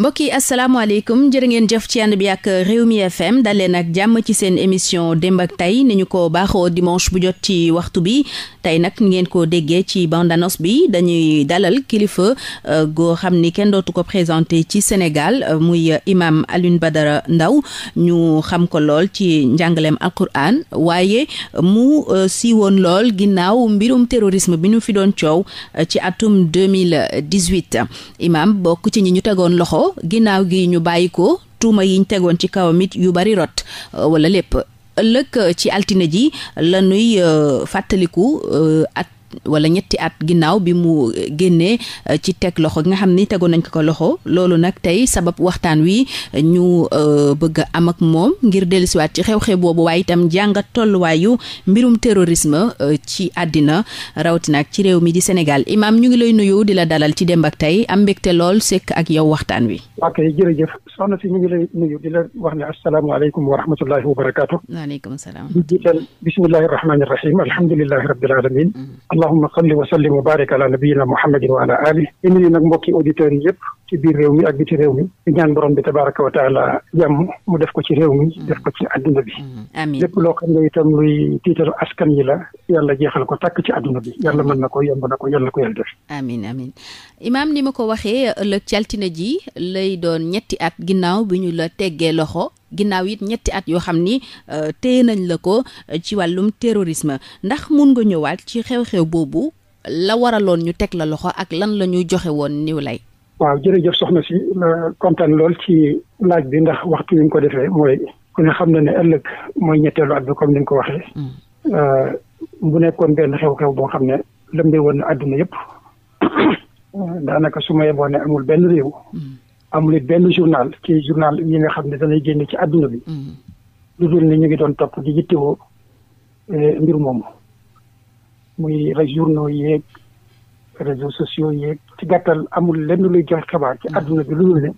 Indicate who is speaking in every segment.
Speaker 1: mbokk yi asalaamaaleykum jërë ngeen jëf ci ànd bi ak Rewmi FM dalee nag jàmm ci seen émission démb ak tay ni ñu ko baaxoo dimanche bu jot ci waxtu bi tey nag ngeen ko déggee ci bande annonce bi dañuy dalal kilifa uh, goo xam ni kenn dootu ko présenté ci Sénégal uh, muy imam Alioune Badara ndaw ñu xam ko lool ci njàngaleem Alquran waaye euh, mu uh, si woon lool ginnaaw mbirum terrorisme bi ñu fi doon coow euh, ci atum 2018 imam bokk ci ñi ñu tegoon loxo. ko ginnaaw gi ñu bàyyi ko tuuma yiñ tegoon ci kawam it yu bari rot euh, wala lépp ëllëg euh, ci altine ji la nuy euh, fàttaliku at wala ñetti at ginnaaw bi mu eh, génnee eh, ci teg loxo gi nga xam ni tegoon nañ ko ko loxo loolu nag tey sabab waxtaan wi eh, ñu bëgg am ak moom ngir dellusiwaat ci xew-xew boobu waaye itam jàngat tolluwaayu mbirum terrorisme ci àddina rawatina ak ci réew mi di Sénégal Imaam ñu ngi lay nuyu di la dalal ci dem ak tey am mbégte lool sekk ak yow waxtaan wi.
Speaker 2: ok jërëjëf soxna si ñu ngi lay nuyu di la wax ne asalaamaaleykum wa rahmatullahi wa barakaatu.
Speaker 1: waaleykum salaam.
Speaker 2: di jiital bismillahi rahmaani rahim alhamdulillahi rabbil alamin mm-hmm. allahumma salli wa sallim wa barik ala nabiyina muhammadin wa ala alihi. ñu ngi nag mbokki auditeurs yi yëpp. ci biir réew mi ak ci réew mi di ñaan borom bi tabaraka wa taala mu def ko ci réew mi mm-hmm. def ko ci àdduna bi mm-hmm. amiin lépp loo xam ne itam luy tiitaru askan yi la yàlla jeexal ko tàkk ci àdduna bi yàlla mën na ko yomb na ko yàlla na ko yàlla def amiin amiin
Speaker 1: imaam ni ma ko waxee ëllëg caltina ji lay doon ñetti at ginnaaw bi ñu la teggee loxo ginnaaw it ñetti at yoo xam ni euh, téye nañ la ko euh, ci wàllum terrorisme ndax mun nga ñëwaat ci xew-xew boobu la waraloon ñu teg la loxo ak lan la ñuy joxe woon niw lay
Speaker 2: waaw jërëjëf soxna si kontaan lool ci laaj bi ndax waxtu wi nga ko defee mooy ku ne xam na ne ëllëg mooy ñetteelu at bi comme ni nga ko waxee. Mm. Euh, bu nekkoon benn xew-xew boo xam ne lëmbee woon na àdduna yëpp daanaka su ma yeboo ne amul benn réew. Mm. amul it benn journal ci journal yi nga xam ne danay génne ci àdduna bi. Mm. lu dul ni ñu ngi doon topp di yittewoo eh, mbir moom muy journaux yeeg réseaux sociaux yeeg. ci gàttal amul lenn luy joxe xibaar ci mm. àdduna bi lu ne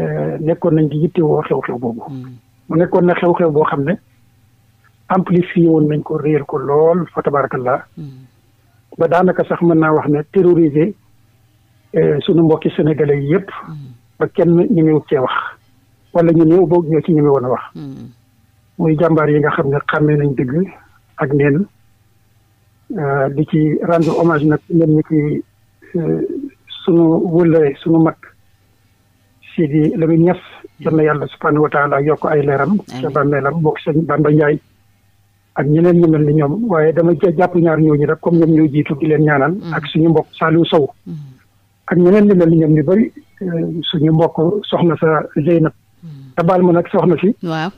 Speaker 2: euh, nekkoon nañ di yittewoo xew-xew boobu. Mm. mu nekkoon na xew-xew boo xam ne amplifié woon nañ ko réer ko lool fa tabarakallah mm. ba daanaka sax mën naa wax ne terroriser euh, sunu mbokki sénégalais yi yëpp. ba kenn ñemewu cee wax. walla ñu néew boog ñoo ci ñeme woon a wax. muy jàmbaar yi nga xam ne xàmmee nañ dëgg ak neen euh, di ci rendre hommage nag ñoom ñi sunu wëllëre sunu mag Sidi la Niass yal na yàlla subhaanahu wa taala yokk ay leeram ca bàmmeelam bokk sëñ Bamba Ndiaye ak ñeneen ñu mel ni ñoom waaye dama jàpp ñaar ñooñu rek comme ñoom ñoo jiitu di leen ñaanal mm. ak suñu mbokk Saliou Sow mm. ak ñeneen ñu mel ni ñoom ñu bëri euh, suñu mbokk soxna sa Zeynab mm. te baal ma nag soxna si waaw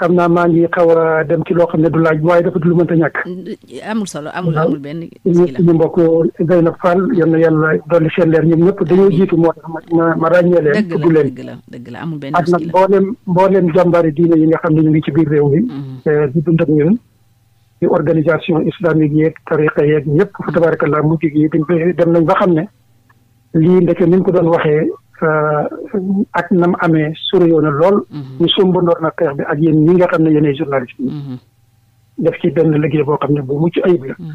Speaker 2: xam naa maa ngi xaw a dem ci loo xam ne du laaj waaye dafa du lu mënta ñàkk.
Speaker 1: amul solo amul amul benn.
Speaker 2: ñu mbokk Zeynab Fall yal na yàlla dolli ñoom ñëpp dañoo jiitu moo tax ma ma ràññee leen. tudd leen dëgg la
Speaker 1: dëgg la amul benn ak nag
Speaker 2: mbooleem mbooleem jàmbaari diine yi nga xam ne ñu ngi ci biir réew mi. Mm-hmm. Eh, di dund ak ñun. ci organisation islamique yeeg tariqa yeeg ñëpp fa tabarakallah mujj gi dem nañ ba xam ne lii ndeke ni ñu ko doon waxee. Euh, ak na mu amee soriwoon na lool. Mhm. ñu sumbandoor na xeex bi ak yéen ñi nga xam ne yéenay journaliste yi. Mhm. def ci benn liggéey boo xam ne bu mucc ayib la. Mhm.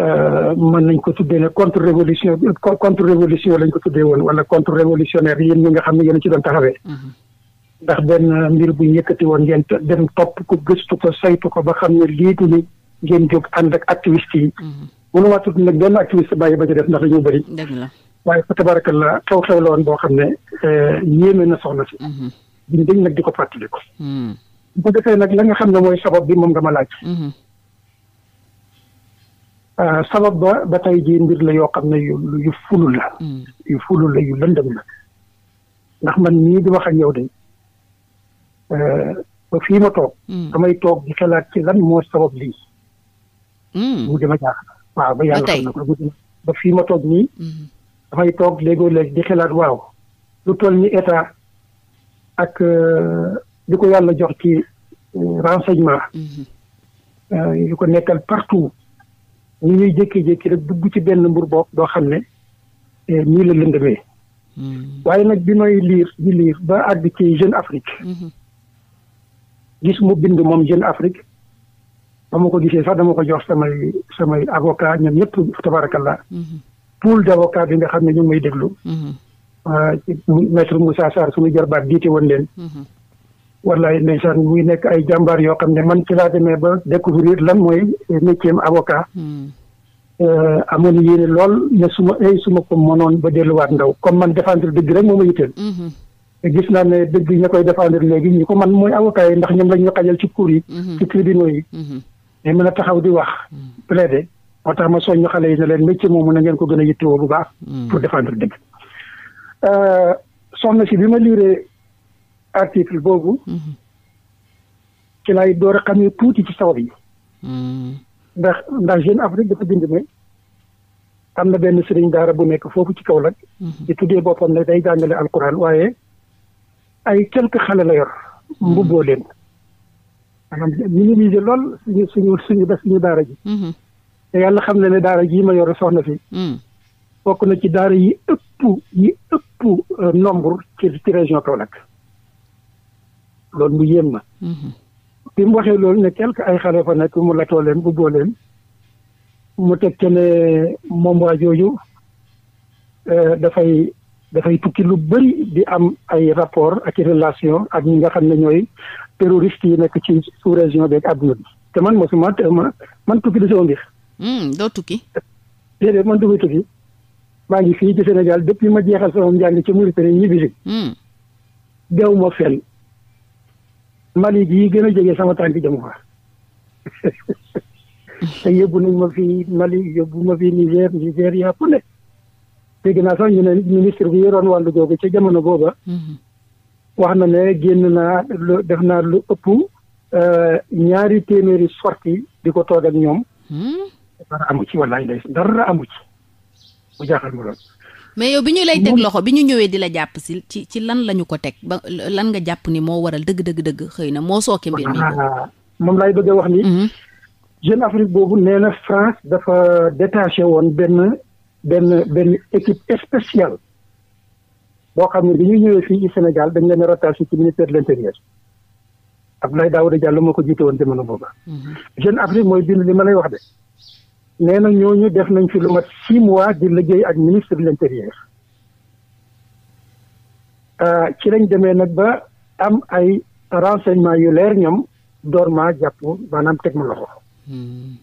Speaker 2: Euh, mën nañ ko tuddee ne contre révolution contre révolution lañ ko tuddee woon wala contre révolutionnaire yéen ñi nga xam ne yéen ci doon taxawee. ndax benn mbir bu yëkkati woon ngeen dem topp ko gëstu ko saytu ko ba xam ne lii ni ngeen jóg ànd ak activiste yi. mënuma tudd nag benn activiste bàyyi ba ci def ndax dañoo bëri. waaye fa tabarakallah xew-xew la boo xam ne euh, yéeme na soxna si. Mm-hmm. di dañ nag di ko fàttali ko. Mm. bu ko defee nag la nga xam ne mooy sabab bi moom nga ma laaj. Mm-hmm. Euh, sabab ba ba tey jii mbir la yoo xam ne yu yu fulul la. Mm. yu fulul la yu lëndëm la ndax man nii di wax ak yow de euh, ba fii ma toog. Mm. damay toog di xalaat ci lan moo sabab lii. mu dama jaaxal waaw ba yàlla xam na ko ba fii ma toog nii. Mm-hmm. dafay toog léegoo léegi di xelaat waaw lu toll ni état ak di euh, ko yàlla jox ci euh, renseignement mhm. euh, yu ko nekkal partout ñu ñuy jékki-jékki rek dugg ci benn mbur boo doo xam ne nii la lëndëmee mhm. waaye nag bi may liir di liir ba àgg ci Jeune Afrique mhm. gis mu bind moom Jeune Afrique ba ma ko gisee sax dama ko jox samay samay avocat ñoom ñëpp tabarakallah pool d' avocat bi nga xam ne ñu ngi may déglu. Mm-hmm. Ah, ci maître Moussa Sarr suñu jarbaat jiite woon leen. Mm-hmm. wallaay ndeysaan muy nekk ay jàmbaar yoo xam ne man ci laa demee ba découvrir lan mooy métier avocat. Mm-hmm. Eh, amoon yéene lool ne su ma ay eh, su ma ko mënoon ba delluwaat ndaw comme man défendre dëgg rek moo ma yitteel. te gis naa ne dëgg ña koy défendre léegi ñu ko man mooy avocat yi ndax ñoom la ñu xajal ci cour yi. ci tribunaux yi. mais mën a taxaw di wax plaider. moo tax ma soññu xale yi na leen métier moomu na ngeen ko gën a yittewoo bu baax. Hmm. pour défendre dëgg. Euh, soxna si bi ma liiree article boobu. Hmm. ci doo door a xamee tuuti ci sabab yi. Hmm. ndax ndax Jeune Afrique dafa bind ne am na benn sëriñ daara bu nekk foofu ci Kaolack. di tuddee boppam ne day jàngale alquran waaye ay quelque xale la yor. mbubboo leen. maanaam minimiser lool ñu suñu suñu suñu daara ji. te yàlla xam na ne daara jii ma yor soxna fi. Hmm. bokk na ci daara yi ëpp yi ëpp euh, nombre ci ci région Kaolack loolu mu yéem ma. Hmm. bi mu waxee loolu ne quelque ay xale fa nekk mu latoo leen bu boo mu teg ca ne moom waa jooju euh, dafay dafay tukki lu bëri di am ay rapport ak relation ak ñi nga xam ne ñooy terroriste yi nekk ci sous région beeg àdduna bi te man mosuma te man tukki du sama mbir.
Speaker 1: Hmm, doo tukki.
Speaker 2: déedéet man du ma tukki maa ngi fii ci Sénégal depuis ma jeexal sama njàng ci Mauritanie ñibbi si. Hmm. dew ma fenn Mali gii gën a jege sama tànk jëm fa ma fi ma fi Niger Nigeria ñu ne ministre bi ca jamono booba hmm. wax na ne génn naa lu def naa lu ëpp euh, ñaari téeméeri sorti di ko toog ñoom dara amu ci walaay dara amu ci mu jaaxal ma
Speaker 1: mais yow bi ñu lay teg loxo bi ñu ñëwee di la jàpp si ci ci lan la ko teg ba lan nga jàpp ni moo waral dëgg dëgg dëgg xëy na moo sooke mbir mi. Ah,
Speaker 2: moom laay bëgg a wax ni. Mhm. Jeune Afrique boobu nee na France dafa détaché woon benn benn benn équipe spéciale boo xam ne bi ñuy ñëwee fii ci Sénégal dañ leen a rattaché ci ministère de l'intérieur Abdoulaye Daouda Diallo moo ko jiite woon jamono booba. Mhm. Jeune Afrique mooy bind li ma lay wax de. nee na ñu def nañ fi lu mat six mois di liggéey ak ministre de l'intérieur euh, ci lañ demee nag ba am ay renseignement yu leer ñoom door maa jàpp maanaam teg ma loxo hmm.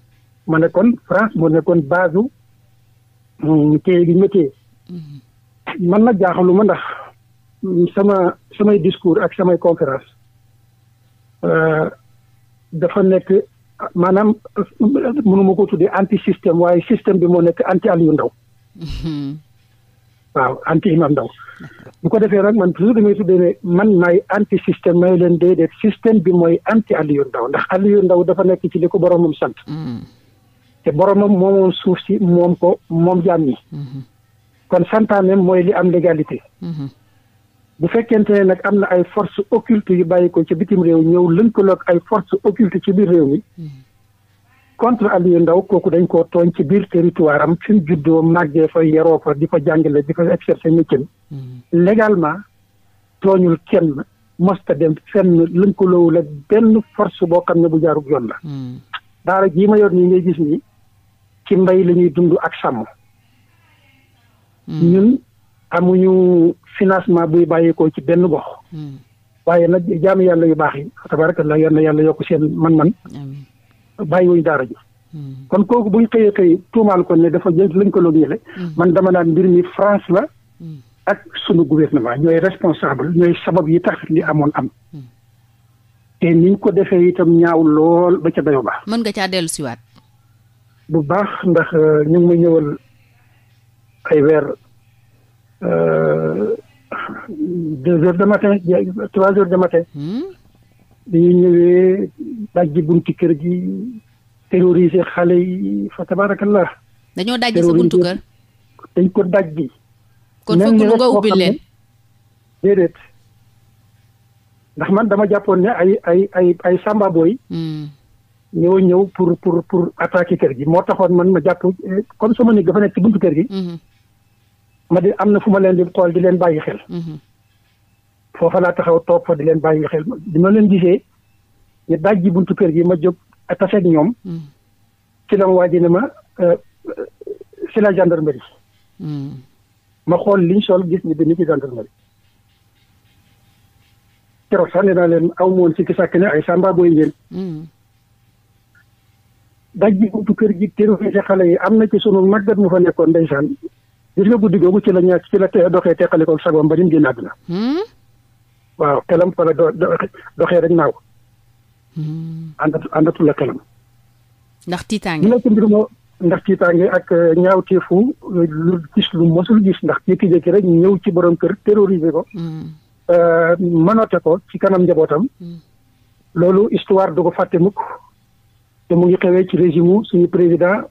Speaker 2: ma nekkoon France moo nekkoon base u téye ma téye man nag jaaxalu ma ndax sama samay discours ak samay conférence euh, dafa nekk maanaam mënuma ko tuddee anti système waaye système bi moo nekk anti Aliou ndaw waaw anti imam ndaw bu ko defee nag man toujours damay tuddee ne man maay anti système may leen déedéet système bi mooy anti Aliou Ndao ndax Aliou ndaw dafa nekk ci li ko boromam sant mm. te boromam moomoom suuf si moom ko moom jaam ñi mm-hmm. kon santaane mooy li am légalité mm-hmm. bu fekkente ne nag am na ay force occulte yu bàyyi ko ci bitim réew ñëw look ay force occulte ci biir réew mi contre Aliou ndaw kooku dañ koo tooñ ci biir territoire am fi juddoo màggee fa yaroo fa di ko jàngale di ko exercer métier légalement tooñul kenn mosta dem fenn lënkaloowul ak benn force boo xam ne bu jaarul yoon la daara yi ma yor nii ngay gis nii ci mbay lañuy dund ak sàmm ñun amuñu financement buy koo ci benn gox. Hmm. waaye nag jaamu yàlla yu baax yi tabarakallah yal na yàlla yokk seen man-man. bàyyiwuñu daara ji. Hmm. kon kooku buñ xëyee xëy tuumaal ko ne dafa jël lañ ko loolu yële. Hmm. man dama naan mbir mi France la. ak sunu gouvernement ñooy responsable ñooy sabab yi tax li amoon am. te niñ ko defee itam ñaaw lool ba ca dayo baax. mën nga caa dellu siwaat bu baax ndax euh, ñu ngi ma ñëwal ay weer. Euh, deux heures de matin trois heures de hmm? ñëwee dajji bunti kër gi terroriser xale yi fa tabaarakallah. dañoo dajji sa buntu kër. dañ ko dajji. kon fekk lu nga ubbi leen déedéet. ndax man dama jàppoon ne ay ay ay ay samba booy. Hmm. ñoo ñëw pour pour pour attaquer kër gi moo taxoon man ma jàpp eh, comme sama néeg dafa nekk ci buntu kër gi. Hmm. ma di am na fu ma leen di xool di leen bàyyi xel. Mhm. foofa laa taxaw toog fa di leen bàyyi xel di ma leen gisee ñu daj buntu kër gi ma jóg taseeg ñoom. Mhm. ci la ne ma euh, euh, ci la gendarmerie. Mhm. ma xool liñ sol gis ni dañu ci gendarmerie. keroog sax naa leen aw moon si ki sàkk ne ay sàmba booy ngeen. daj buntu kër gi terrorisé xale yi am na ci sunu màggat mu fa nekkoon ndeysaan gis nga guddi googu ci la ña ci la te doxee teqalikoo sagoom ba ni mu génn àdduna hmm? waaw xelam fa la do doxee rek naaw. Hmm. àndatu àndatu la xelam. ndax tiitaange ñu nekk mbir moo ndax tiitaange ak eh, ñaawteefu eh, lu gis lu mosul gis ndax jékki-jékki rek ñëw ci borom kër terrorisé ko. mënoote hmm. eh, ko ci kanam njabootam. loolu histoire du ko fàtte mukk te mu ngi xewee ci régime suñu président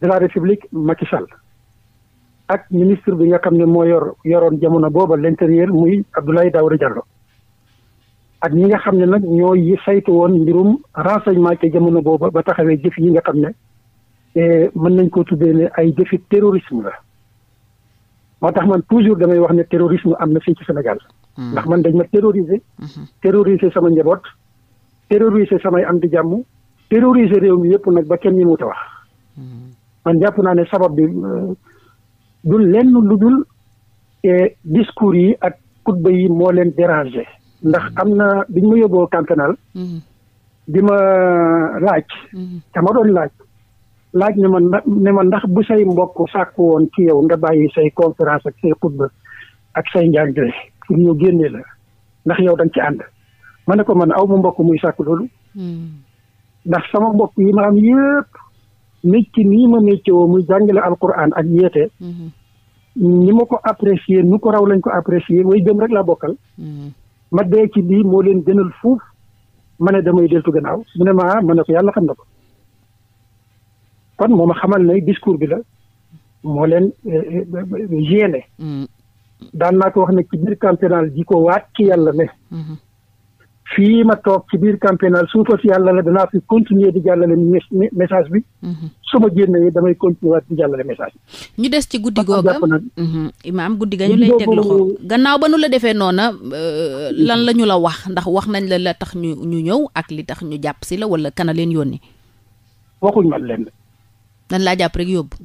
Speaker 2: de la république Macky Sall. ak ministre bi nga xam ne moo yor yoroon jamono booba l'intérieur muy Abdoulaye Daouda Diallo ak ñi nga xam ne nag ñoo yi saytu woon mbirum renseignement ci jamono booba ba taxawee jëf yi nga xam ne e, mën nañ koo tuddee ne ay jëfi terrorisme la moo tax man toujours damay wax ne terrorisme am na fii ci Sénégal hmm. ndax man dañ ma terroriser hmm. terroriser sama njaboot terroriser samay am di jàmm terroriser réew mi yëpp nag ba kenn ñi mu ta wax hmm. man jàpp naa ne sabab bi euh, du lenn lu dul e, discours yi ak xutba yi moo leen déranger ndax am na bi ma yóbboo campenal
Speaker 3: di
Speaker 2: mhm. ma laaj dama mhm. doon laaj laaj ne ma ne ma ndax bu say mbokk sàkk woon ci yow nga bàyyi say conférence ak say xutba ak say njàngale pour ñu génnee la ndax yow dañ ci ànd ma ne ko man aw ma mbokk muy sàkk loolu mhm. ndax sama mbokk yi ma am yëpp métti nii ma métti woo muy jàngale alquran ak yeete. Mm-hmm. ni ma ko apprécier nu ko raw lañ ko apprécier way gëm rek laa bokkal. Mm-hmm. ma dee ci lii moo leen gënal fuuf mën ne damay deltu gannaaw mu ne maa ma ne ko yàlla xam na ko kon moo ma xamal ne discours bi la moo leen eh, eh, eh, yéene. Mm-hmm. daan naa ko wax ne ci biir campagnat ji ko waat ci yàlla ne. fii ma toog ci biir campénal su ma fa fi yàlla la danaa fi continuer di jàllale message bi. Mhm. su ma génnee damay continuer di jàllale message bi.
Speaker 1: ñu des ci guddi googa mhm. imaam guddi ga ñu lay teg loxo gannaaw ba nu la defee noona euh, lan lañu la wax ndax wax nañ la la tax ñu ñu ñëw ak li tax ñu jàpp si la wala kana leen yi waxuñ man leen. nan laa jàpp rek yóbbu.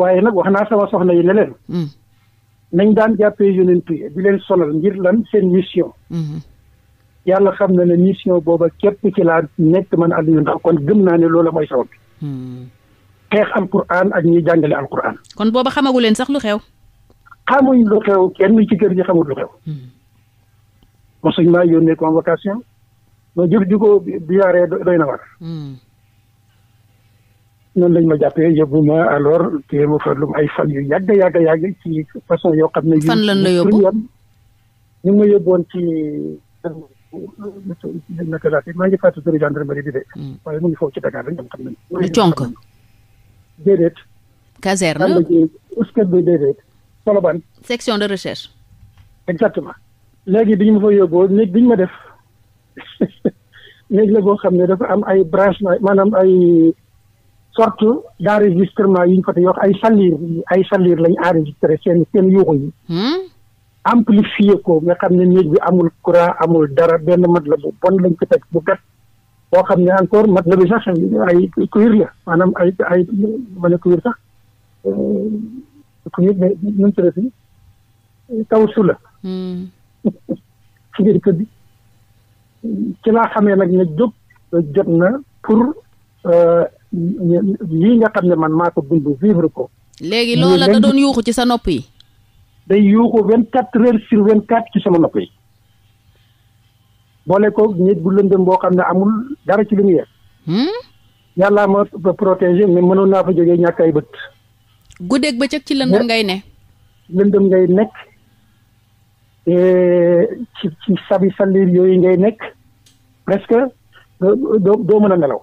Speaker 2: waaye nag wax naa sama soxna yi ne leen. Mhm. nañ daan jàppee yonent yi di leen solal ngir lan seen mission. yàlla xam na ne mission booba képp ci laa nekk man Aliou Ndao kon gëm naa ne loola mooy sabab bi hmm. xeex alquran ak ñuy jàngale alquran
Speaker 1: kon booba xamagu leen sax lu xew
Speaker 2: xamuñ lu xew kenn ci kër gi xamul lu xew hmm. mosuñ yónnee convocation ma jëf di ko biyaaree doy na war hmm. noonu lañ ma jàppee yóbbu ma alors téye ma fa lu ay fan yu yàgg yàgg yàgg ci façon yoo xam ne. fan lan la yóbbu ñu ma yóbboon ci. naka laa maa ngi fàttali turu gendarmerie bi de. waaye mu ngi foofu ci Dakar rek xam nañu. mu conk déedéet. caserne am na ci section de recherche. exactement. léegi bi ñu ma fa yóbboo néeg bi ñu ma def néeg la boo xam ne dafa am ay branchement maanaam ay sorte d' enregistrement yu ñu fa te yokk ay salir ay salir lañ enregistré seen seen yuuxu yi. Hmm? amplifier ko nga xam ne néeg bi amul courant amul dara benn mat la bu bon lañ ko teg bu gat boo xam ne encore mat la bi sax ay cuir la maanaam ay ay ma ne cuir sax euh, cuir mais ñun tërasi taw su la hmm. ci biir xamee nag ne jóg jot na pour euh, lii nga xam ne man maa ko dund vivre ko
Speaker 1: léegi loolu la
Speaker 2: da doon yuuxu ci sa nopp yi day yuuxu vingt quatre heures sur vingt quatre ci sama nopp yi boole ko nit bu lëndëm boo xam ne amul dara ci lumière. Hmm? yàllaa ma protéger protégé mënoon naa fa jóge ñàkk ay bët.
Speaker 1: guddeeg bëccëg ci lëndëm ngay ne.
Speaker 2: lëndëm ngay nekk ci ci sabi salir yooyu ngay nekk presque euh, doo doo mën a nelaw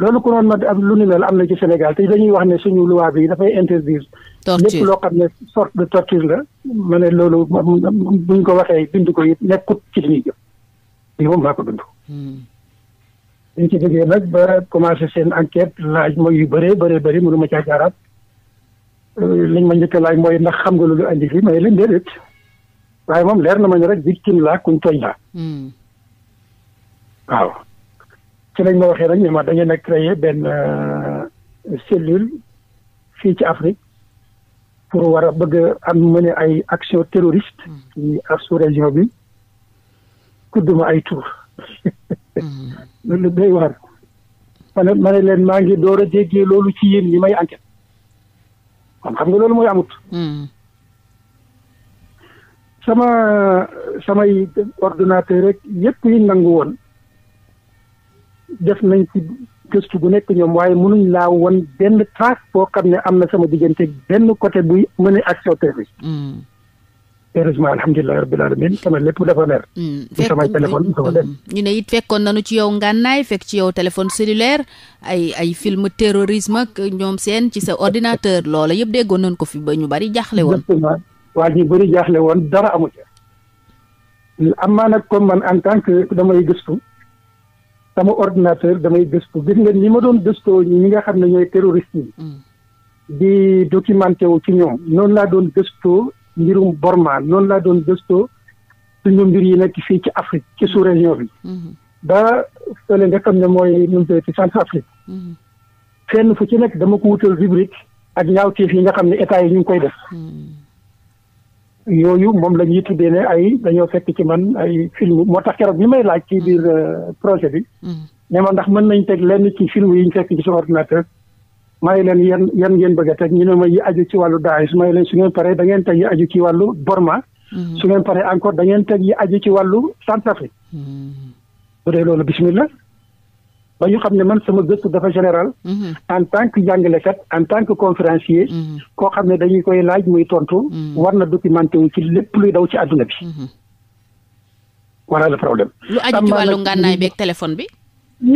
Speaker 2: loolu ko noonu nag lu ni mel am na ci Sénégal te dañuy wax ne suñu loi yi dafay interdire. torture lépp loo xam ne sorte de torture la. ma ne loolu buñ ko waxee bind ko it nekkut ci li ñuy jëf lii moom laa ko dund. Hmm. dañ ci déggee nag ba commencé seen enquête laaj mooy yu bëree bëree bëri mënu ma caa jaaraat euh, liñ ma njëkk laaj mooy ndax xam nga loolu andi fii may leen déedéet waaye moom leer na ma ne rek victime laa kuñ tooñ laa. Hmm. waaw ci lañ ma waxee nag ne ma dañu nekk créé benn euh, cellule fii ci Afrique. pour war a bëgg am mën ay action terroriste ci ab sous région bi kudduma ay tur loolu day war man ma leen maa ngi door a déggee loolu ci yéen ñi may enquête kon xam nga loolu mooy amut hmm. sama samay ordinateur rek yëpp yi nangu woon def nañ ci gëstu bu nekk ñoom waaye mënuñ laa won benn trace boo xam ne am na sama diggante benn côté buy mën a action terroriste mm. heureusement alhamdulilah rabbil alamin sama lépp dafa leer. fekk mm. sama mm.
Speaker 1: ñu ne it fekkoon nañu ci yow ngànnaay fekk ci yow téléphone cellulaire ay ay film terrorisme ak ñoom seen ci sa ordinateur loola yëpp déggoon nañ ko fi ba ñu bari jaaxle woon.
Speaker 2: exactement waa ñu bari jaaxle woon dara amu ca. am naa nag comme en tant que damay gëstu. sama ordinateur damay gëstu gis nga ni ma doon gëstoo ñi nga xam ne ñooy terroriste yi. Mm. di documenté ci ñoom noonu laa doon gëstoo mbirum Borma noonu laa doon gëstoo suñu mbir yi nekk fii ci Afrique ci sous région bi. Mm-hmm. ba nga xam ne mooy ñun ci Centrafrique. Mm-hmm. fenn fu ci nekk dama ko wutal rubrique ak ñaawteef yi nga xam ne état yi ñu ngi koy def. Mm. yooyu moom la ñuy tuddee ne ay dañoo fekk ci man ay film moo tax keroog bi may laaj ci biir euh, projet bi. Mm-hmm. ne ma ndax mën nañ teg lenn ci film yi ñu fekk ci sa ordinateur. may leen yan yen ngeen bëgg teg ñu ne ma yi aju ci wàllu Daesh may leen su ngeen paree dangeen ngeen teg yi aju ci wàllu Borma. Mm-hmm. su ngeen paree encore da ngeen teg yi aju ci wàllu Centrafrique. Mm-hmm. bu dee loolu bismillah ba ñu xam ne man sama gëstu dafa général mhm. en tant que jàngalekat en tant que conférencier mhm. koo xam ne dañu koy laaj muy tontu mhm. war na documenté wu ci lépp luy daw ci àdduna bi voilà le problème
Speaker 1: lu aju ci wàllu ngànnaay beeg bi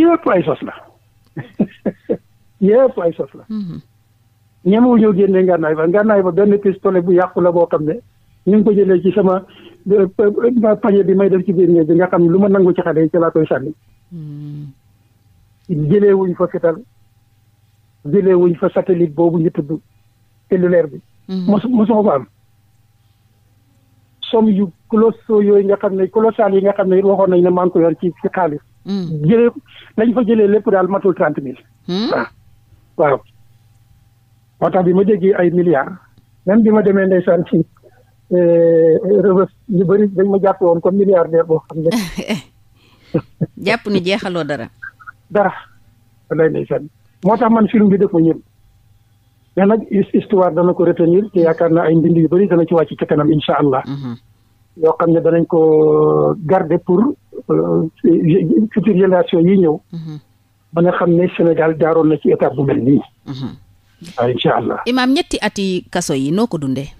Speaker 2: yëpp ay sos la yëpp ay sos la ñemewu ñoo génne ngànnaay ba ngànnaay ba benn pistolet bu yàqu la boo xam ne ñu ngi ko jëlee ci sama euh, euh, euh, pañe bi may def ci biir bi nga xam lu ma nangu ci xale yi ci laa koy sànni jëlee wuñ fa fital jëlee wuñ fa satellite boobu ñu tudd cellulaire bi.
Speaker 3: Mhm. mos mosuma
Speaker 2: ko am. somme yu colossaux yooyu nga xam ne colossal yi nga xam ne waxoon nañ ne maa ngi ci ci xaalis. Mhm. jëlee lañ fa jëlee lépp daal matul trente mille. Hmm? waaw moo tax bi ma déggee ay milliards même bi ma demee ndeysaan ci euh, rëbës ñu bëri dañ ma jàpp woon comme milliardaire boo xam ne.
Speaker 1: jàpp ni jeexaloo dara. dara lay ndeysaan
Speaker 2: moo tax man film bi def ma ñëw mais nag histoire dana ko retenir te yaakaar naa ay mbind yu bëri dana ci wàcc ca kanam incha allah. Mm-hmm. yoo xam ne danañ ko euh, garder pour euh, future génération yi ñëw. mën mm-hmm. a xam ne Sénégal jaaroon na ci état bu mel nii. Mm-hmm. waaw incha allah.
Speaker 1: imaam ñetti ati kaso yi noo ko dundee.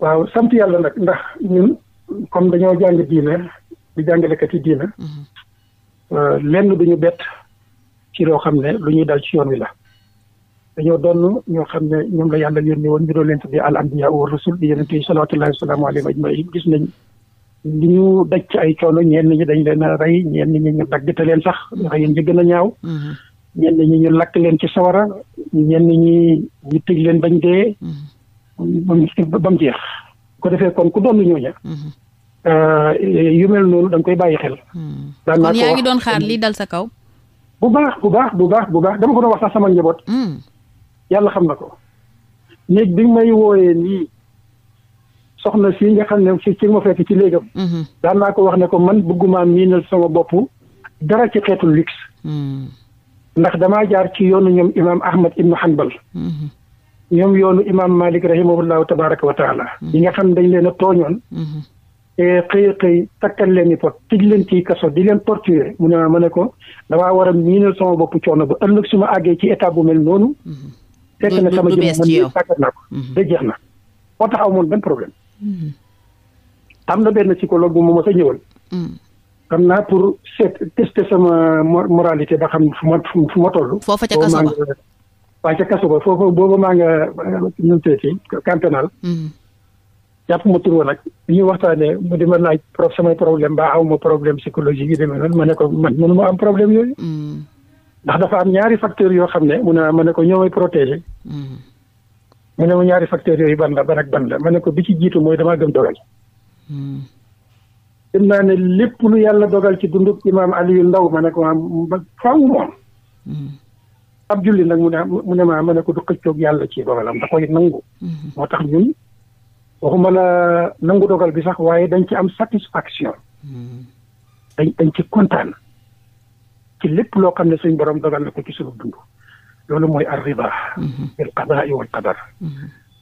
Speaker 2: waaw sant yàlla nag ndax ñun comme dañoo jàng diine di jàngalekat yi diine. Euh, lenn duñu bett ci loo xam ne lu ñuy dal ci yoon wi la dañoo doon ñoo xam ne ñoom la yàlla yónni woon ñu doon leen tuddee al anbiya wa rasul di yonent yi salawaatullahi wa salaamu alayhim ajmaïn gis nañ li ñu daj ci ay coono ñenn ñi dañ leen a rey ñenn ñi ñu dagg te leen sax reyin ñi gën na ñaaw mm-hmm. ñenn ñi ñu lakk leen ci sawara ñenn ñi ñu tëj leen bañ dee mm-hmm. ba mu jeex ko defee kon ku doon ñooña mm-hmm. Euh, yu mel noonu da koy bàyyi xel. Hmm. daan naa ko wax kon sa kaw. bu baax bu baax bu baax bu baax dama ko wax sax sama njaboot. Hmm. yàlla xam na ko. néeg bi may wooyee nii soxna si nga xam ne ci ci ma fekk ci léegam. Hmm. daan naa ko wax ne ko man bëgguma miinal sama bopp dara ci xeetu luxe. ndax damaa jaar ci yoonu ñoom imaam Ahmad ibnu Hanbal. ñoom yoonu imaam Malik rahimahullahu tabaraka wa taala. yi nga xam ne dañ leen a tooñoon. xëy xëy takkal leen ni pot tij leen ci kaso di leen torturer mu ne ma ne ko damaa war a miinal sama bopp coono ba ëllëg su ma àggee ci état bu mel noonu. Mm-hmm. fekk na sama jëm man mii tàggat naa ko. da mm-hmm. jeex na moo tax amoon benn problème. Mm-hmm. am na benn psychologue bu ma mos ñëwal. Mm. xam naa pour seet tester sama moralité ba xam fu ma fu ma toll. foofa ca kaso ba kaso ba foofa booba maa nga nu mu tëjee jàpp ma tur nag bi ñu waxtaanee mu di ma laaj samay problème baa aw ma problème psychologique yi demee noonu ma ne ko man mënu ma am problème yooyu. Mm. ndax dafa am ñaari facteurs yoo xam ne mu ne ma ne ko ñoo may protégé. mu mm. ma ñaari facteurs yooyu ban la ban ak ma ne ko bi ci jiitu mooy damaa gëm dogal. dem mm. naa ne lépp lu yàlla dogal ci dundub imaam Aliou Ndaw ma ne ko ma faaw moom. ab nag mu ne mu ne ma ma ne du xëccoog yàlla ci dogalam da koy nangu. Mm-hmm. moo tax ñun. waxuma la nangu dogal bi sax waaye dañ ci am satisfaction. dañ dañ ci kontaan ci lépp loo xam ne suñ borom dogal ne ko ci suñu dund. loolu mooy arriba bil qadaa wal qadar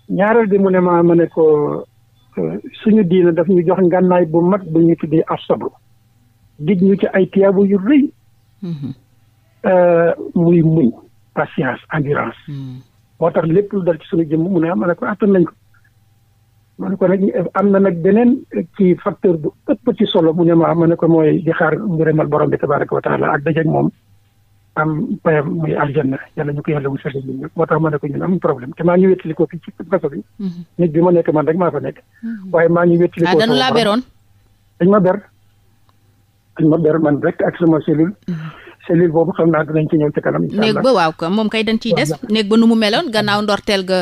Speaker 2: ñaareel bi mu ne maa ma ne euh, suñu diina daf ñu jox ngànnaay bu mat bu ñu tuddee asabru gij ñu ci ay tiyaabu yu rëy euh, muy muñ patience endurance mm. moo tax lépp lu dal ci suñu jëmm mu ne am ne ko attan nañ ko ma ne ko nag am na nag beneen ci facteur bu ëpp ci solo mu ne ma ma ne ko mooy di xaar ngërëmal borom bi tabaraka wa taala ak dajeeg moom am payam muy aljanna yàlla ñu ko yàlla wusal ñu moo tax ma ne ko ñun am problème te maa ngi wéttali ko fii ci
Speaker 3: mhm.
Speaker 2: ma nekk man rek maa fa nekk mhm. waaye maa ngi wéttali ko ah, dañu laa beroon dañ ma ber dañ ma man rek ak sama cellule mhm. cellule boobu xam naa nañ ci ñëw ci kanam. incha allah néeg ba waaw
Speaker 1: ko moom kay dañ ciy des. néeg ba nu mu meloon gannaaw ndorteel ga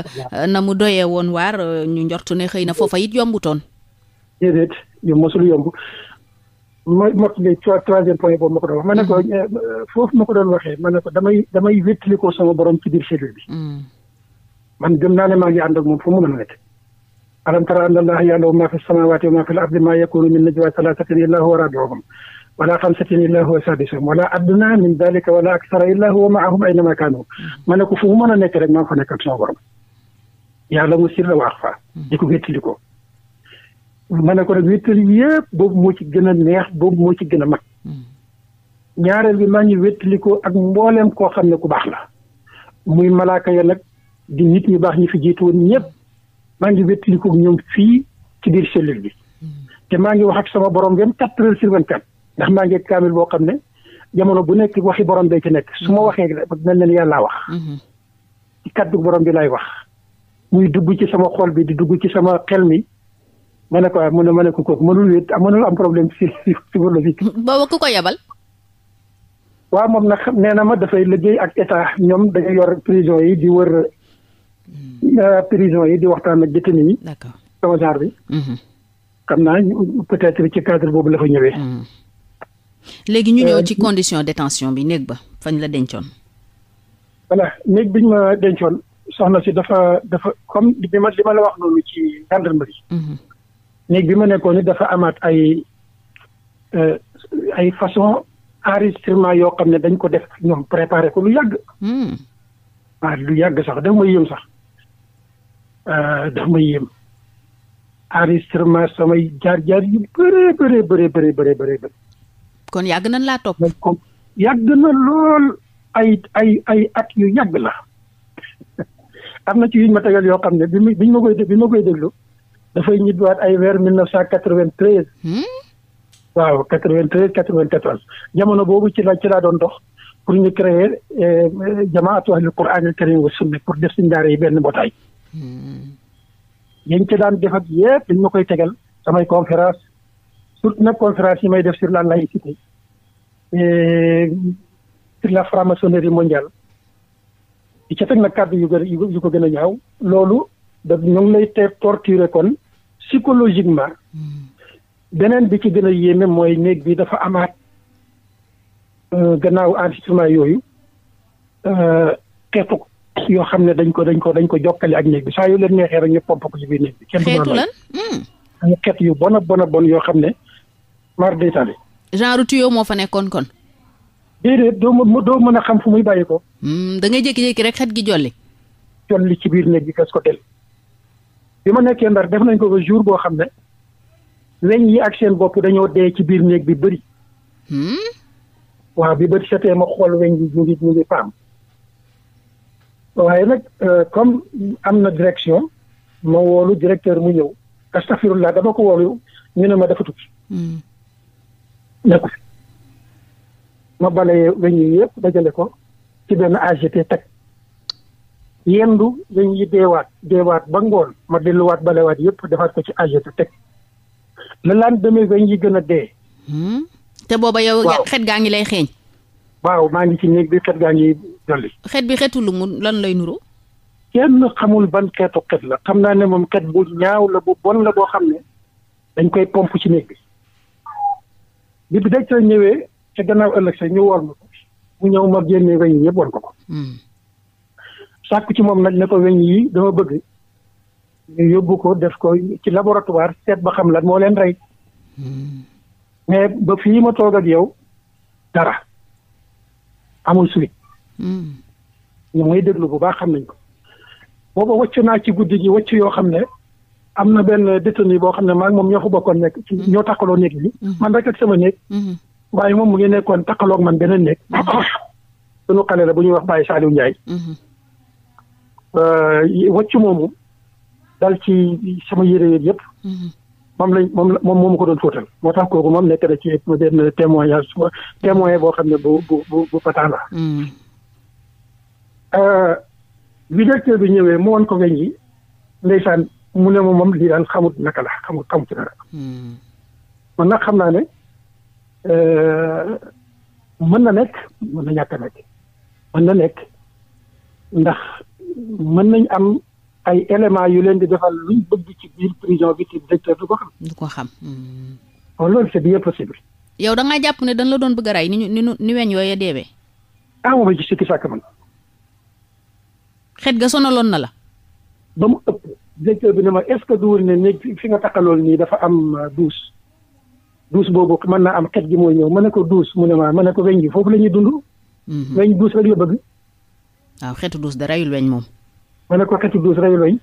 Speaker 1: na mu doyee woon waar ñu njortu ne xëy na foofa it yombutoon.
Speaker 2: déedéet mosul yomb ma mot li troisième point boobu ma ko doon wax mm-hmm. eh, ma ko doon waxee ma ne ko damay damay wéttali ko borom ci biir cellule bi. Mm. man gëm naa ne maa gi ànd ak moom fu mu mën a nekk. alam tara anna allaha ya'lamu ma fi samawati wa ma fi al ardi ma yakunu min najwa thalathatin illa huwa rabi'uhum wala xamsatin illa huwa sadisahum wala adna min dalika wala aksara illa huwa maahum ay kaanu ma ne ko fu mu mën a nekk rek maa ngi fa yàlla mu sirra wa axfa di ko wéttali ko ma ne ko nag wéttali yëpp boobu moo ci gën a neex boobu moo ci gën a mag ñaareel bi maa ngi wéttali ko ak mbooleem koo xam ne ku baax la muy malaaka ya nag di nit ñu baax ñu fi jiitu woon ñëpp maa ngi wéttali ko ñoom fii ci biir cellule bi mm. te maa ngi wax ak sama borom vingt quatre heures sur ndax maa ngeeg kaamil boo xam ne jamono bu nekk waxi borom day ci nekk su ma mhm. waxee mel na ni yàllaa wax ci mhm. kaddu borom bi lay wax muy dugg ci sama xol bi di dugg ci sama xel mi ma ne ko ah, mu ne ma ne ko kooku mënul wéet mënul am problème psychologique boobu ku ko yebal waaw moom nag nee na ma dafay liggéey ak état ñoom dañu yor prison yi di wër mhm. euh, prison yi di waxtaan ak jëtëni yi sama genre bi xam naa peut ci cadre boobu la fa ñëwee léegi ñu ñëw euh,
Speaker 1: ci condition détention bi néeg ba fañ la dencoon.
Speaker 2: voilà néeg bi ñu ma dencoon soxna si dafa dafa comme li ma li ma la wax noonu ci gendarmerie. Mhm. néeg bi ma nekkoon ni dafa amaat ay euh, ay façon enregistrement yoo xam ne dañ ko def ñoom préparé ko lu yàgg. waaw hmm. ah, lu yàgg sax daf ma yëm sax euh, daf may yëm enregistrement samay jaar jaar yu bëree bëree bëree bëree kon yàgg nañ laa topp. yàgg na lool ay ay ay at yu yàgg la am na ci yuñ ma tegal yoo xam ne bi biñ ma koy bi ma koy déglu dafay ñibbiwaat ay weer mille neuf cent quatre-vingt-treize hmm? waaw quatre-vingt-treize quatre-vingt-quatorze jamono boobu ci la ci laa doon dox pour ñu créer eh, jamaatu ahlul qur'aan al karim wa sunna pour def si ndaare yi benn mbootaay hmm. yañ ci daan def ak yépp dañ ma koy tegal samay conférence surtout nag conférence yi may def sur la laïcité et sur la franc-maçonnerie mondiale di ca teg nag kàddu yu gën yu ko gën a ñaaw loolu da ñu lay tee torturer kon psychologiquement hmm. beneen bi ci gën a yéeme mooy néeg bi dafa amaat euh, gannaaw enregistrement yooyu euh, xeetu yoo xam ne dañ ko dañ ko dañ ko jokkale ak néeg bi saa yu leen neexee rek ñu pomp ko ci bi kenn du xeetu hmm. yu bon a bon a bon yoo xam ne mar d' itali.
Speaker 1: genre tuyau moo fa nekkoon kon.
Speaker 2: déedéet doo mën doo mën a xam fu muy bàyyi ko. Hmm, da ngay jékki-jékki rek xet gi jolli. jolli ci biir néeg bi gas ko del. bi ma nekkee ndar def nañ ko ba jour boo xam ne weñ yi ak seen bopp dañoo dee ci biir néeg bi bëri. Hmm? waaw bi bëri setee ma xool weñ bi ñu ngi ñu ngi paam. waaye nag euh, comme am na direction ma woolu directeur mu ñëw astafirullah dama ko woolu ñu ne ma dafa tukki. Hmm. nekku fi ma balayee weñ yi yëpp dajale ko ci benn AGT teg yendu weñ yi deewaat deewaat ba ngoon ma delluwaat balewaat yépp defaat ko ci AGT teg le lendemain weñ yi gën a dee hmm?
Speaker 1: te booba yow xet gaa ngi lay
Speaker 2: xeeñ waaw maa ngi ci néeg bi xet gaa ngi dolli
Speaker 1: xet bi xetu lu mu lan lay nuru
Speaker 2: kenn xamul ban xeetu xet la xam naa ne moom xet bu ñaaw la bu bon la boo xam ne dañ koy pomp ci néeg bi bi bi directeur ñëwee ca gannaaw ëllëg sa ñu war na ko mu ñëw ma génnee weñ yi yëpp wan ko ko hmm. sàkk ci moom nag ne ko weñ yi dama bëgg ñu yóbbu ko def ko ci laboratoire seet ba xam lan moo leen rey hmm. mais ba fii ma toog ak yow dara amul suite hmm. ñu muy déglu bu baax xam nañ ko booba wëcc naa ci guddi gi wëcc yoo xam ne am na benn détenu boo xam ne maa ngi moom ñoo fa bokkoon nekk ci mhm. ñoo takkaloo néeg bi mhm. man rek ak sama néeg mhm. waaye moom mu ngi nekkoon takkaloog man beneen néeg sunu xale la bu ñuy wax Baye Saliou Ndiaye euh, wàcc moomu dal ci sama yére yéen yëpp moom lañ moom moom moomu ko doon fóotal moo tax kooku moom nekk na ci benn témoignage témoin boo xam ne bu bu bu bu pataan la euh, bi ñëwee mu woon ko weñ ndeysaan mu ne ma moom lii daal xamut naka la xamut xamut ci dara. Hmm. man nag xam naa ne euh, mën na nekk mën na ñàkk a nekk mën nekk ndax mën nañ am ay éléments yu leen di defal luñ bëgg ci biir prison bi ci du ko xam. du ko xam. kon hmm. oh, loolu c'est bien possible.
Speaker 1: yow da jàpp ne dañ la doon bëgg a rey ni ñu ni ñu ni weñ yooya deewee.
Speaker 2: ah moom ci sikki sàkk man.
Speaker 1: xet ga sonaloon na
Speaker 2: la. ba mu ëpp. directeur bi ne ma est-ce que duwul ne néeg fi nga loolu nii dafa am euh, douche douche boobu mën naa am xet gi mooy ñëw mën na ko douche mu ne ma mën na ko weñ gi foofu la ñuy dund. Mhm. weñ douche rek la bëgg.
Speaker 1: waaw xetu moom.
Speaker 2: mën na ko xetu douche rayul weñ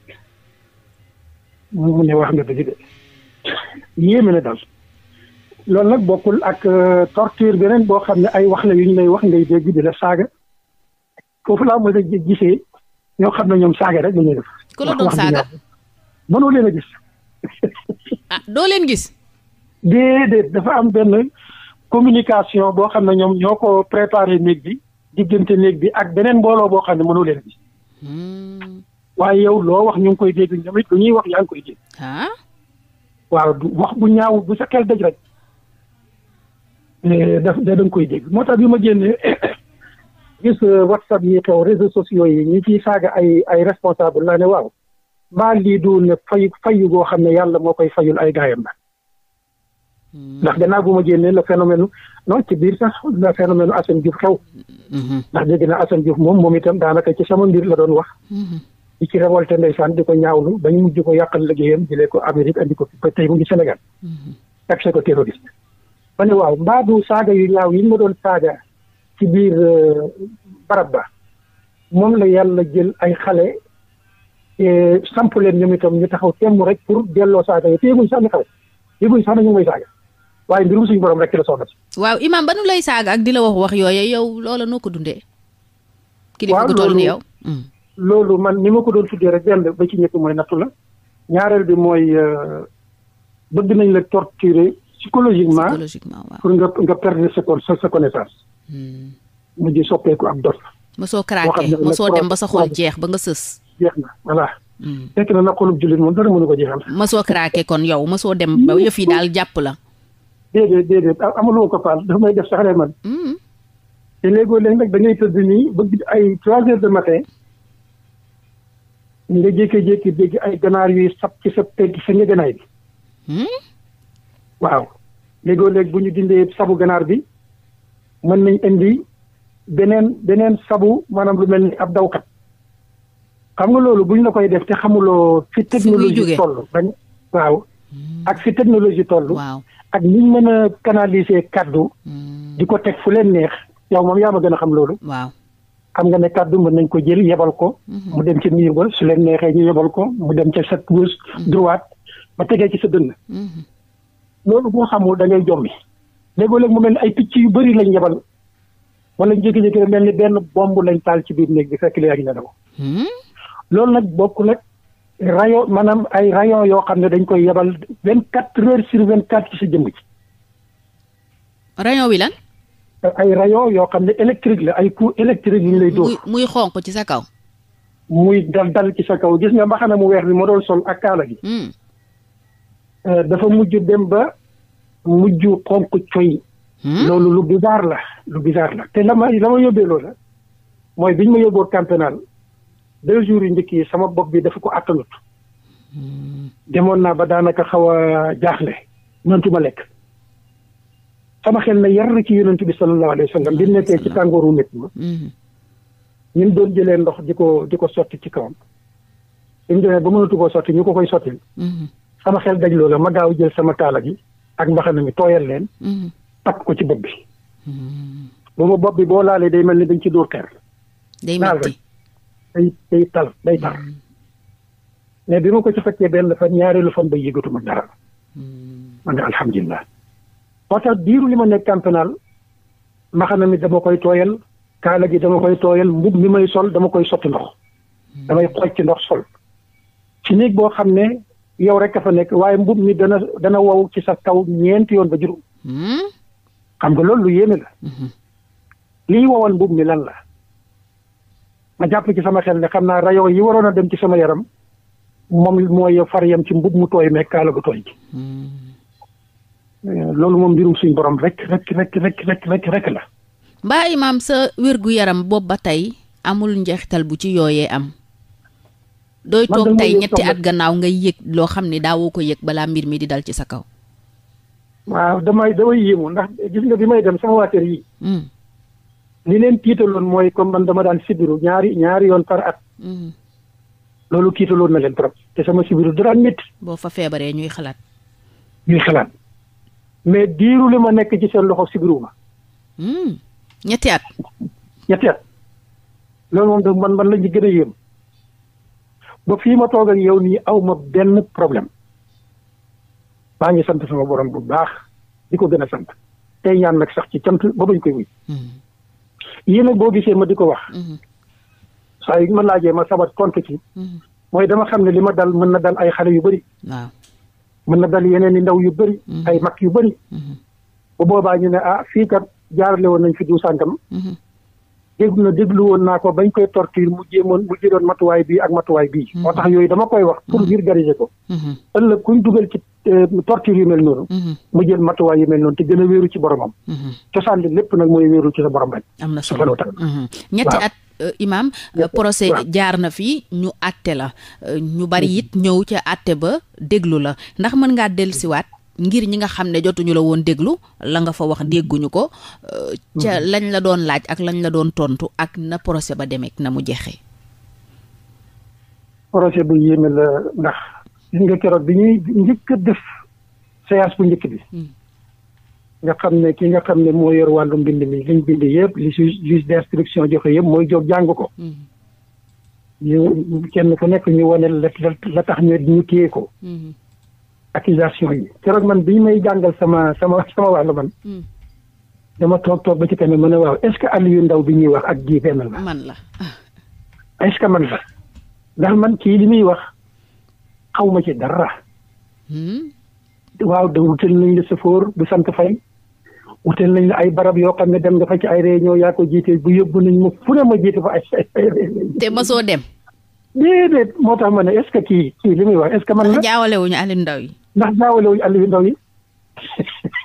Speaker 2: wax nga dëgg de yéeme na loolu nag bokkul ak euh, torture beneen boo xam ne ay wax la yu lay wax ngay dégg di la saaga foofu laa mën a gisee ñoo xam ne ñoom saaga rek la ñuy def. ku la doon saaga mënoo leen a gis. ah doo leen gis. déedéet dafa am benn communication boo xam ne ñoom ñoo ko préparé néeg bi diggante néeg bi ak beneen mbooloo boo xam ne mënoo leen gis. Hmm. waaye yow loo wax ñu ngi koy dégg ñoom it ñuy wax yaa ngi koy dégg. ah. waaw wax bu ñaaw bu sa xel daj rek. Eh, daf da nga koy dégg moo tax bi ma génnee gis euh, WhatsApp yi xew réseaux sociaux yi ñu ciy saaga ay ay responsable laa ne waaw. maa lii du ne fay fayu goo xam ne yàlla moo koy fayul ay gaayam la hmm. ndax gannaaw bu ma la phénomène non ci biir sax la phénomène Assane Diouf xew hmm. ndax dégg naa Assane Diouf moom moom itam daanaka ci sama mbir la doon wax hmm. di ci révolté ndeysaan di ko ñaawlu bañ mujj ko yàqal liggéeyam jëlee ko Amérique andi ko ba tey mu ngi Sénégal taxe ko terroriste ma ne waaw mbaa du saaga yu ñaaw yi ma doon saaga ci biir euh, barab ba moom la yàlla jël ay xale samp leen ñoom itam ñu taxaw temm rek pour delloo saaga yi te yëguñ sax ni xaw yëguñ na ñu ngi may saaga waaye mbirum rek ci la soxna
Speaker 1: si. lay saaga ak di la wax wax yow loola noo ko dundee. kilifa gu toll
Speaker 2: loolu man ni ma ko doon tuddee rek benn ba ci ñëpp mooy nattu la ñaareel bi mooy euh, bëgg nañ la torturer psychologiquement pour nga nga perdre sa sa connaissance. Hmm. mu ji ak dof.
Speaker 1: ma soo craqué ma soo dem ba sa xol jeex ba nga sës. jeex na voilà. Hmm. fekk na nag xolub jullit moom dara mënu ko jeexal. mësoo craqué kon yow mësoo dem ba hmm. yëf yi daal jàpp la.
Speaker 2: déedéet déedéet amuloo ko faal dafa may def sax man. Hmm. te léegoo léegi nag da ngay bëgg ay trois heures de matin. ay ganaar yuy sab ci sa pegg sa njëganaay bi. waaw léegoo léeg bu ñu dindee sabu ganaar bi mën nañ indi beneen beneen sabu maanaam lu mel ni ab dawkat. xam nga loolu buñ la koy def te xamuloo fi technologie toll bañ waaw hmm. ak fi technologie toll ak niñ mën a canaliser kàddu hmm. di ko teg fu leen neex yow moom yaa ma gën a xam loolu waaw xam nga ne kàddu mën nañ ko jël yebal ko hmm. mu dem ca miir ba su leen neexee ñu yebal ko mu dem ca sa gauche droite ba tegee ci sa dënn loolu boo xamul da ngay jombi léegoo léeg mu mel ni ay picc yu bëri lañ yebal wala jékki-jékki mel ni benn bomb lañ taal ci biir néeg bi fekk lee ak ñu daw loolu nag bokk nag rayon maanaam ay rayon yoo xam ne dañ koy yebal vingt quatre heures sur vingt quatre ci sa jëmm ci rayon wi lan ay rayon yoo xam ne électrique la ay coup électrique yu ñu lay dóor muy xonq ci sa kaw muy dal dal ci sa kaw gis nga mbaxana mu weex bi ma doon sol ak kaala gi hmm. euh, dafa mujj dem ba mujj xonq coy hmm? loolu lu bizarre la lu bizarre la te la ma la ma yóbbee loola mooy biñ ma yóbboo campénal deux jours yu njëkk yi sama bopp bi dafa ko àttanut demoon naa ba daanaka xaw a jaaxle nontuma lekk sama xel na yar na ci yonent bi sallallahu alayhi wa sallam bi nekkee ci tàngooru mhm. doon jëlee ndox di ko di ko sotti ci kawam bi mu demee ba mënatu koo sotti ñu ko koy sottil mhm. sama xel daj loola ma gaaw jël sama taala gi ak mbaxana mi tooyal leen mhm. takk ko ci bopp bi booba bopp bi boo laalee day mel ni dañ ci dóor xeer day metti day day tal day tar mm. mais bi ma ko ci fekkee benn fan ñaareelu fan ba yëgatuma dara mm. ma ne alhamdulilah moo tax diiru li ma nekk campenal maxana mi dama koy tooyal kaala gi dama koy tooyal mbub mi may sol dama koy sotti ndox mm. damay xooj ci ndox sol ci néeg boo xam ne yow rek a fa nekk waaye mbubb mi dana dana wow ci sa kaw ñeenti yoon ba juróom xam nga loolu lu yéeme la mm-hmm. liy wowal mbub mi lan la ma jàpp ci sama xel ne xam naa rayon yi waroon a dem ci sama yaram moom mooy far yam ci mbub mu tooy meeg kaala gu tooy gi hmm. loolu moom mbirum suñ boroom rekk rek rek rek rek rek la
Speaker 1: mbaa imaam sa wér-gu-yaram boobu ba tey amul njeexital bu ci yooyee am dooy toog tey ñetti ak gannaaw ngay yëg loo xam ne daawoo ko yëg balaa mbir mi di dal ci sa
Speaker 2: kaw waaw damay damay yéemu ndax gis nga bi may dem sama waa kër li leen tiitaloon mooy comme man dama daan sibiru ñaari ñaari yoon par at. Mm-hmm. loolu tiitaloon na leen trop te sama sibiru da daan métti.
Speaker 1: boo fa feebaree ñuy xalaat.
Speaker 2: ñuy xalaat mais diiru li ma nekk ci seen loxo sibiru ma. Mm-hmm. ñetti at. ñetti at loolu moom da man man lañu gën a yéem ba fii ma toog ak yow nii aw ma benn problème maa ngi sant sama borom bu baax di ko gën a sant tey ñaan nag sax ci cant ba bañ koy wuy mm-hmm. yii nag boo gisee ma di ko wax. Mhm. saa yu ma laajee ma sabat compte ci. Mhm. mooy dama xam ne li ma dal mën na dal ay xale yu bëri. waaw mën na dal yeneen i ndaw yu bëri. Mhm. ay mag yu bëri. bu boobaa ñu ne ah fii kat jaarale woon nañ fi du sànkam. déglu na déglu woon naa ko bañ koy torture mu jéemoon mu jëloon matuwaay bii ak matuwaay bii. moo tax yooyu dama koy wax pour ngir vulgariser ko. ëllëg kuñ dugal ci Euh, torture yu mel noonu. Mhm. mu jël matuwaay yu noonu te gën a wéeru ci boromam. Mhm. cosaan li lépp nag mooy wéeru ci sa borom rek. am na solo mhm. euh, ñetti at
Speaker 1: imam procès jaar na fii ñu àtte la euh, ñu bari it ñëw ca àtte ba déglu la ndax mën ngaa dellusiwaat ngir ñi nga xam ne jotuñu la woon déglu la nga fa wax dégguñu ko. ca lañ la doon laaj ak lañ la doon tontu ak na procès ba demek na mu jeexee.
Speaker 2: procès bu yéeme la ndax. gis nga keroog bi ñuy njëkk a def séance bu njëkk bi hmm. nga xam ne ki nga xam ne moo yor wàllu mbind mi liñ bind yëpp li juge d'instruction joxe yëpp mooy jóg jàng ko hmm. ñu kenn ku nekk ñu wane la tax ñu ñu téye ko hmm. accusation yi keroog man bi ñu may jàngal sama sama sama wàllu man dama toog toog ba ci kanam ma ne waaw est-ce que Aliou ndaw bi ñuy wax ak ji benn la est-ce que man la ndax man kii li wax xaw ma ci dara. Hmm? waaw da wutal nañ la sëfoor bu sant fay wutal nañ la ay barab yoo xam ne dem nga fa ci ay réunion yaa ko jiite bu yóbbu nañ ma fu ne ma jiite fa ay ay réunion. te mosoo dem. déedéet moo tax ma ne est-ce que kii kii li muy wax est-ce que man na jaawale
Speaker 1: wuñu Aliou Ndao yi.
Speaker 2: ndax jaawale wuñu Aliou Ndao yi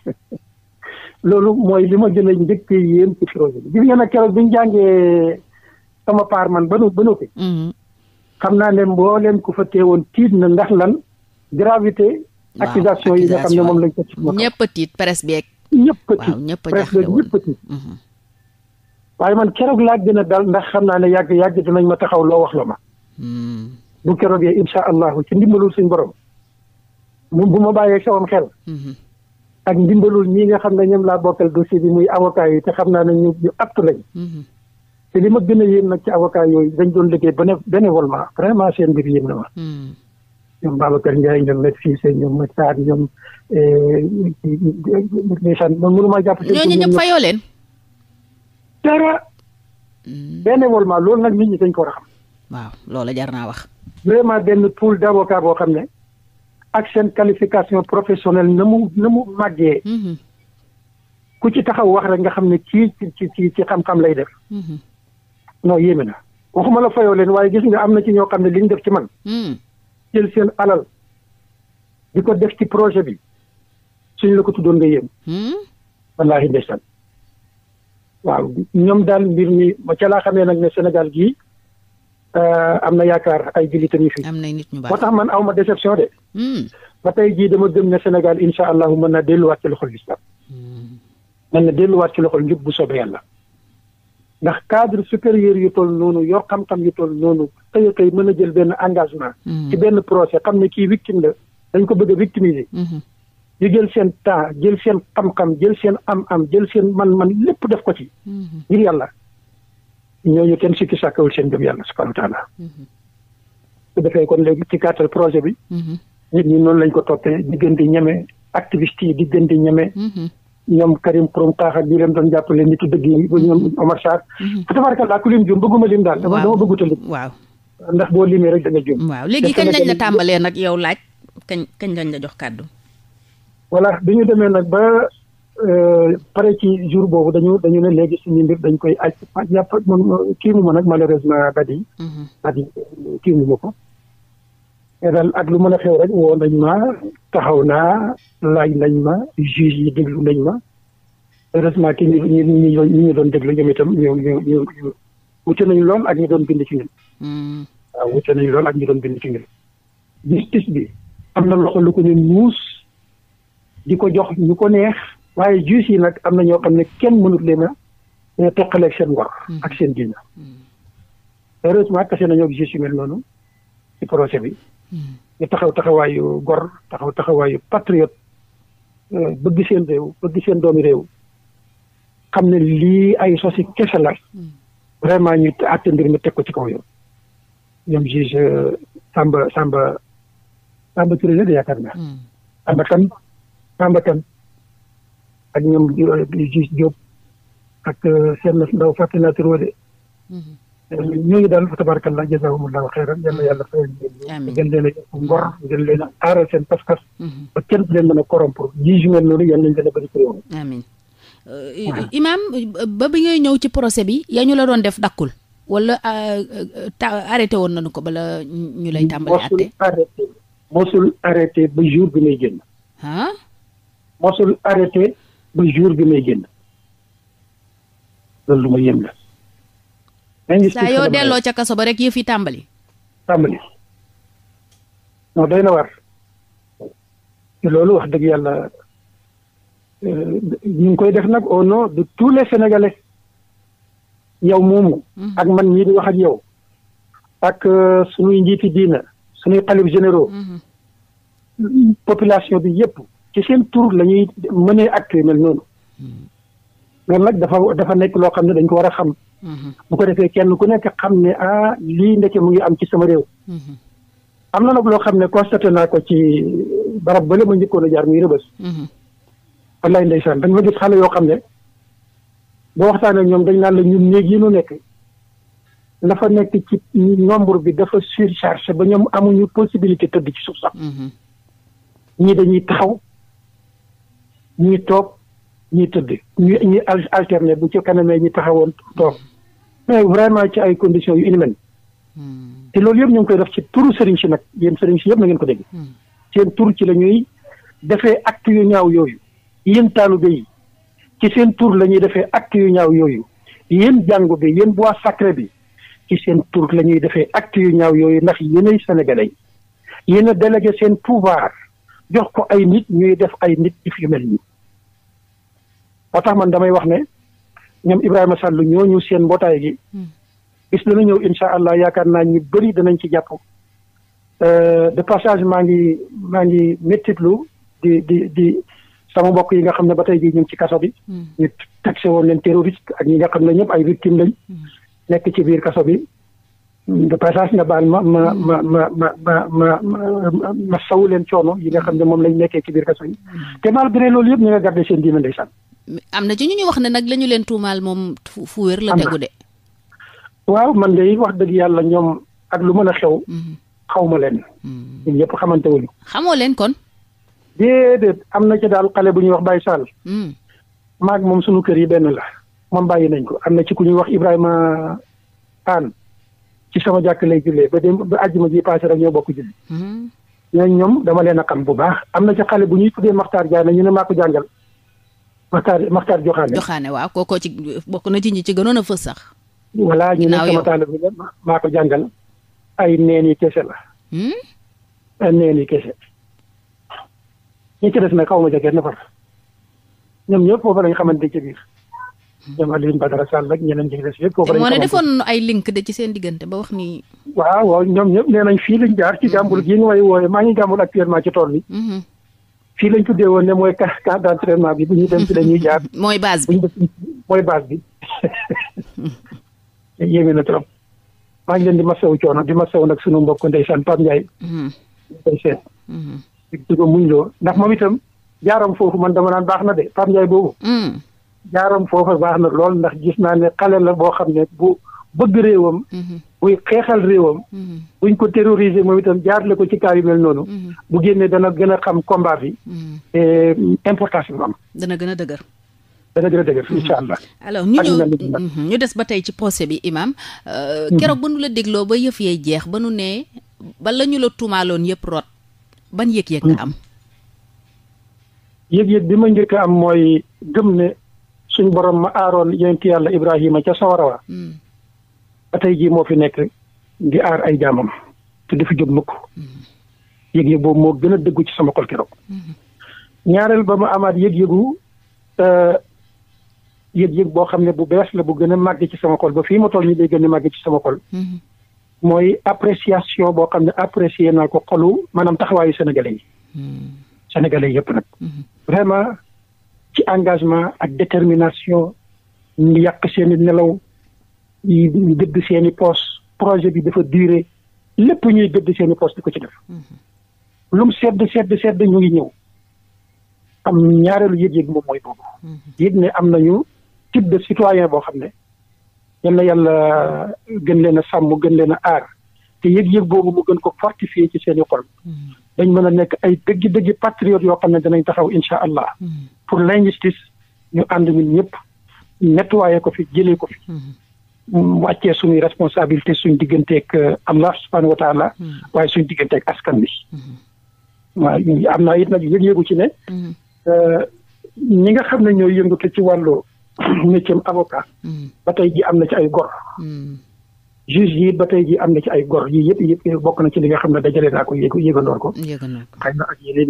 Speaker 2: loolu mooy li ma jëlee njëkk yéen ci projet bi gis keroog bi ñu jàngee sama paar man ba nu ba nu fi. Hmm. xam naa ne leen ku fa woon tiit na ndax lan gravité accusation yi nga xam ne moom lañ ko ci
Speaker 1: ñëpp a tiit presse beeg ñëpp a tiit ñëpp presse beeg ñëpp tiit mhm.
Speaker 2: waaye man keroog laa gën a dal ndax xam naa ne yàgg yàgg dinañ ma taxaw loo wax la ma hmm. bu keroog yee insha allahu ci ndimbalul suñ borom mu bu ma bàyyee sawam xel mhm. ak ndimbalul ñii nga xam ne ñoom laa bokkal dossier bi muy avocat yi te xam naa ne ñu ñu aptu lañ mhm. te li ma gën a yéem na ci avocat yooyu dañ doon liggéey béné bénévolement vraiment seen mbir yéem na ma. Hmm. ñoom Babacar Ndiaye ñoom Maître Cissé ñoom Maître Sarr ñoom. Eh, ndeysaan man mënuma jàpp si. ñooñu ñëpp fayoo leen. dara. Hmm. bénévolement loolu nag nit ñi dañ ko raxam waaw loola jar naa wax. vraiment benn pool d' avocat boo xam ne. ak seen qualification professionnel na mu na mu màggee. Hmm. ku ci taxaw wax rek nga xam ne kii ci ci ci xam-xam lay def. non yéeme na waxuma la fayoo leen waaye gis nga am na ci ñoo xam ne li ñu def ci man. Hmm. jël seen alal di ko def ci projet bi suñ la ko tuddoon nga yéem. Hmm. wallaahi ndeysaan waaw ñoom daal mbir mi ma ca laa xamee nag ne Sénégal gii euh, am na yaakaar ay jullitam yi fi. am na nit ñu baax moo tax man aw ma déception de. Hmm. ba tey jii dama gëm ne Sénégal incha allahu mën naa delluwaat ci loxol lislaam mën na delluwaat ci loxol njub bu soobee yàlla. ndax cadre supérieur yu toll noonu yor xam-xam yu tool noonu xëy a mën a jël benn engagement. Mhm. ci benn projet xam ne kii victime la dañ ko bëgg a victimiser. Mhm. jël seen temps jël seen xam-xam jël seen am-am jël seen man-man lépp def ko ci. Mhm. ngir yàlla ñooñu kenn sikki sàkkawul seen jëm yàlla subhaanahu wa taala. su defee kon léegi ci gàttal projet bi. nit ñi noonu lañ ko toppee diggante ñeme activiste yi diggante ñeme. ñoom Karim Xrum Xax ak ñu leen doon jàppale nitu dëgg yi ñoom Omar Sarr mhm. fa tabarakallah ku lim jum bëgguma lim daal dama dama bëgguta lim waaw ndax boo limee rek da nga jum waaw léegi kañ lañ la
Speaker 1: tàmbalee nag yow laaj kañ kañ lañ la jox kàddu
Speaker 2: voilà bi ñu demee nag ba euh, pare ci jour boobu dañu dañu ne léegi suñu mbir dañ koy aj yàpp kii ma nag malheureusement badi yi mhm. kii mu ko ne daal ak lu mën a xew rek woo nañ ma taxaw naa laaj nañ ma juge yi déglu nañ ma heureusement ki ñu ñu ñu doon déglu ñoom itam ñu ñu ñu wute nañu lool ak ñu doon bind ci ñun. Hmm. waaw lool ak ñu doon bind ci ñun. justice bi am na loxo lu ko ñu muus di ko jox ñu ko neex waaye juge yi nag am na ñoo xam ne kenn mënut leen a teqale seen ngor. ak seen diina. Hmm. heureusement tase nañoo ak juge yu mel noonu ci procès bi. ñu taxaw taxawaayu gor taxaw taxawaayu patriote euh, bëgg seen réew bëgg seen doomi réew xam ne lii ay sosi kese la vraiment ñu àtte mbir mi teg ko ci kaw yoon ñoom juge euh, Samba Samba Samba Touré la de yaakaar naa hmm. Samba Kane Samba Kane ak ñoom euh, juge Diop ak seen ndaw fàtte naa tur ñooñu daal fa tabarakallah jazakumullahu xeyran yàlla yàlla fayal a yokk ngor gën leen a aaral seen pas-pas mhm. ba kenn leen mën a corrompre ji ju yàlla nañ gën a euh,
Speaker 1: bi ngay ñëw ci procès bi yaa ñu la doon def dakkul wala euh, euh, arrêté woon nañu ko bala
Speaker 2: ñu lay tàmbali àtte mosul arrêté mosul arrêté ba jour bi may génn ah mosul arrêté ba jour bi may génn loolu ma yem la injustice saa yoo delloo
Speaker 1: ca kaso ba rek yëf tàmbali.
Speaker 2: tàmbali non doy na war loolu wax dëgg yàlla euh, ñu ngi koy def nag au nom de tous les sénégalais yow moomu. Mm-hmm. ak man ñii di wax ak yow. ak euh, suñuy njiiti diina suñuy xalif généraux. Mm-hmm. population bi yëpp ci seen tur la ñuy mënee acte mel noonu. Mm-hmm. loolu nag dafa dafa nekk loo xam ne dañ ko war a xam. Mm-hmm. bu ko defee kenn ku nekk xam ne ah lii ndekkee mu ngi am ci sama réew. Mm-hmm. am na nag loo xam ne constaté naa ko ci barab ba la ma njëkkoon a jaar muy rëbës. Mm-hmm. wallaay ndeysaan dañ ma gis xale yoo xam ne boo waxtaanee ñoom dañ naan la ñu néeg yi nekk la nekk ci nombre bi dafa surchargé ba ñoom amuñu possibilité tëdd ci suuf sax. ñii dañuy taxaw ñii toog. ñi tëdd ñi ñi alterner bu ci kanamee ñi taxawoon toog mais vraiment ci ay conditions yu inhumaines hmm. te loolu yëpp ñoo ngi koy def ci turu sëriñ si nag yéen sëriñ si yëpp na ngeen ko dégg hmm. seen tur ci la ñuy defee acte yu ñaaw yooyu yéen taalibe yi ci seen tur la ñuy defee acte yu ñaaw yooyu yéen jàngu bi yéen bois sacré bi ci seen tour la ñuy defee acte yu ñaaw yooyu ndax yéenay sénégalais yéen a délégué seen pouvoir jox ko ay nit ñuy def ay nit yu mel nii ba tax man damay wax ne ñoom Ibrahima Sall ñooñu seen mbootaay gi bis hmm. dana ñëw incha allah yaakaar naa ñu bëri danañ ci jàpp euh, de passage maa ngi maa ngi méttitlu di di di sama mbokk yi nga xam ne ba tey jii ñu ngi ci kaso bi hmm. ñu woon leen terroriste ak ñi nga xam ne ñëpp ay victime lañ hmm. nekk ci biir kaso bi de passage nga baal ma ma ma ma ma ma ma sawu leen coono yi nga xam ne moom lañ nekkee ci biir kaso yi te malgré loolu yëpp ñu nga garde seen diine ndeysaan
Speaker 1: am na ci ñu ñu wax ne nag la leen tuumaal moom fu
Speaker 2: wér la tegu de. waaw man de wax dëgg yàlla ñoom ak lu mën a xew. Mhm. xaw ma leen. Mhm. ñun ñëpp xamante wuñu.
Speaker 1: xamoo leen kon.
Speaker 2: déedéet am na ci daal xale bu ñuy wax Baye Sall. Mhm. maag moom sunu kër yi benn la moom bàyyi nañ ko am na ci ku ñuy wax Ibrahima Aan ci sama jàkk lay jullee ba dem ba ma ji passé rek ñoo bokk julli. ñoom dama leen a xam bu baax am na ci xale bu ñuy tuddee Maxtaar Jaay na ñu ne maa ko jàngal. Maxtaar Maxtaar Joxaane
Speaker 1: Joxaane waaw kookoo ci bokk na ci ñi
Speaker 2: ci gënoon a fës sax. voilà ñu ne sama taal bi la maa ko jàngal. ay neen yi kese la. Hmm? ay neen yi kese. ñi ci des nag xaw ma jege na far ñoom ñëpp foofu lañ xamante ci biir. Hmm. ñoom Alioune Badara Sall ak ñeneen ñi ci des yëpp. foofu lañ xamante moo ne defoon
Speaker 1: ay link de ci seen diggante ba wax ni.
Speaker 2: waaw waaw ñoom ñëpp nee nañ fii lañ jaar ci hmm. jàmbur gii nga may wooyee maa ngi jàmbur actuellement ci tool bi. fii lañ tuddee woon ne mooy camp d'entraînement bi bu ñuy dem fi la ñuy jaar. mooy base bi mooy base bi. yéeme na trop maa ngi leen di masawu coono di masawu nag sunu mbokk ndeysaan Pape Ndiaye. koy mm-hmm. seet. Mm-hmm. di ko muñ loo ndax moom itam jaaram foofu man dama naan baax na de Pape Ndiaye boobu. Mm. jaaram foofu baax na lool ndax gis naa ne xale la boo xam ne bu. bëgg réewam. Mhm. muy xeexal réewam. Mhm. buñ ko terroriser moom itam jaarale ko ci kaar yu mel noonu. bu mhm. génnee dana gën a xam combat bi. et euh, importance bi am.
Speaker 1: dana gën a dëgër.
Speaker 2: dana gën a dëgër incha allah. alors ñu
Speaker 1: des ba tey ci procès bi imam euh, keroog ba nu la dégloo ba yëf yee jeex ba nu ne ba la la tuumaaloon yëpp rot ban yëg-yëg nga am.
Speaker 2: yëg-yëg bi ma njëkk am mooy gëm ne suñ borom ma aaroon yonent yàlla Ibrahima ca sawara wa ba tey jii moo fi nekk ngi aar ay jaamam te dafa jóg mukk yëg-yëg boobu moo gën a dëggu ci sama xol keroog ñaareel ba ma amaat yëg-yëgu euh, yëg-yëg boo xam ne bu bees la bu gën a màgg ci sama xol ba fii ma toll nii day gën a màgg ci sama xol mm-hmm. mooy appréciation boo xam ne apprécier naa ko xolu maanaam taxawaayu sénégalais yi mm-hmm. sénégalais yëpp nag mm-hmm. vraiment ci engagement ak détermination ngi yàq seeni nelaw yi gëdd seeni i projet bi dafa duré lépp ñuy gëdd seen i di ko ci def mhm. lu mu sedd sedd sedd ñu ngi ñëw am ñaareelu yëg-yëg moom mooy boobu mhm. yëg ne am nañu type de citoyen boo xam ne yal na yàlla gën leen a sàmm gën leen a aar te yëg-yëg boobu mu gën ko fortifier ci seen i xol mhm. dañ mën a nekk ay dëggi dëggi patriotes yoo xam ne danañ taxaw incha allah pour l'injustice ñu ànd ñun ñëpp nettoyer ko fi jëlee ko fi wàccee suñuy responsabilité suñ digganteek euh, am la wa taala hmm. waaye suñ digganteeg askan bi hmm. waaw am naa it nag yëg-yëgu ci ne hmm. euh, ñi nga xam ne ñoo yëngatu ci wàllu métier avocat ba tey ji am na ci ay gor juge yi ba tey ji am na ci ay gor yii yëpp yëpp bokk na ci li nga xam ne dajale naa ko yéeg ko. yéegandoor ko mm-hmm.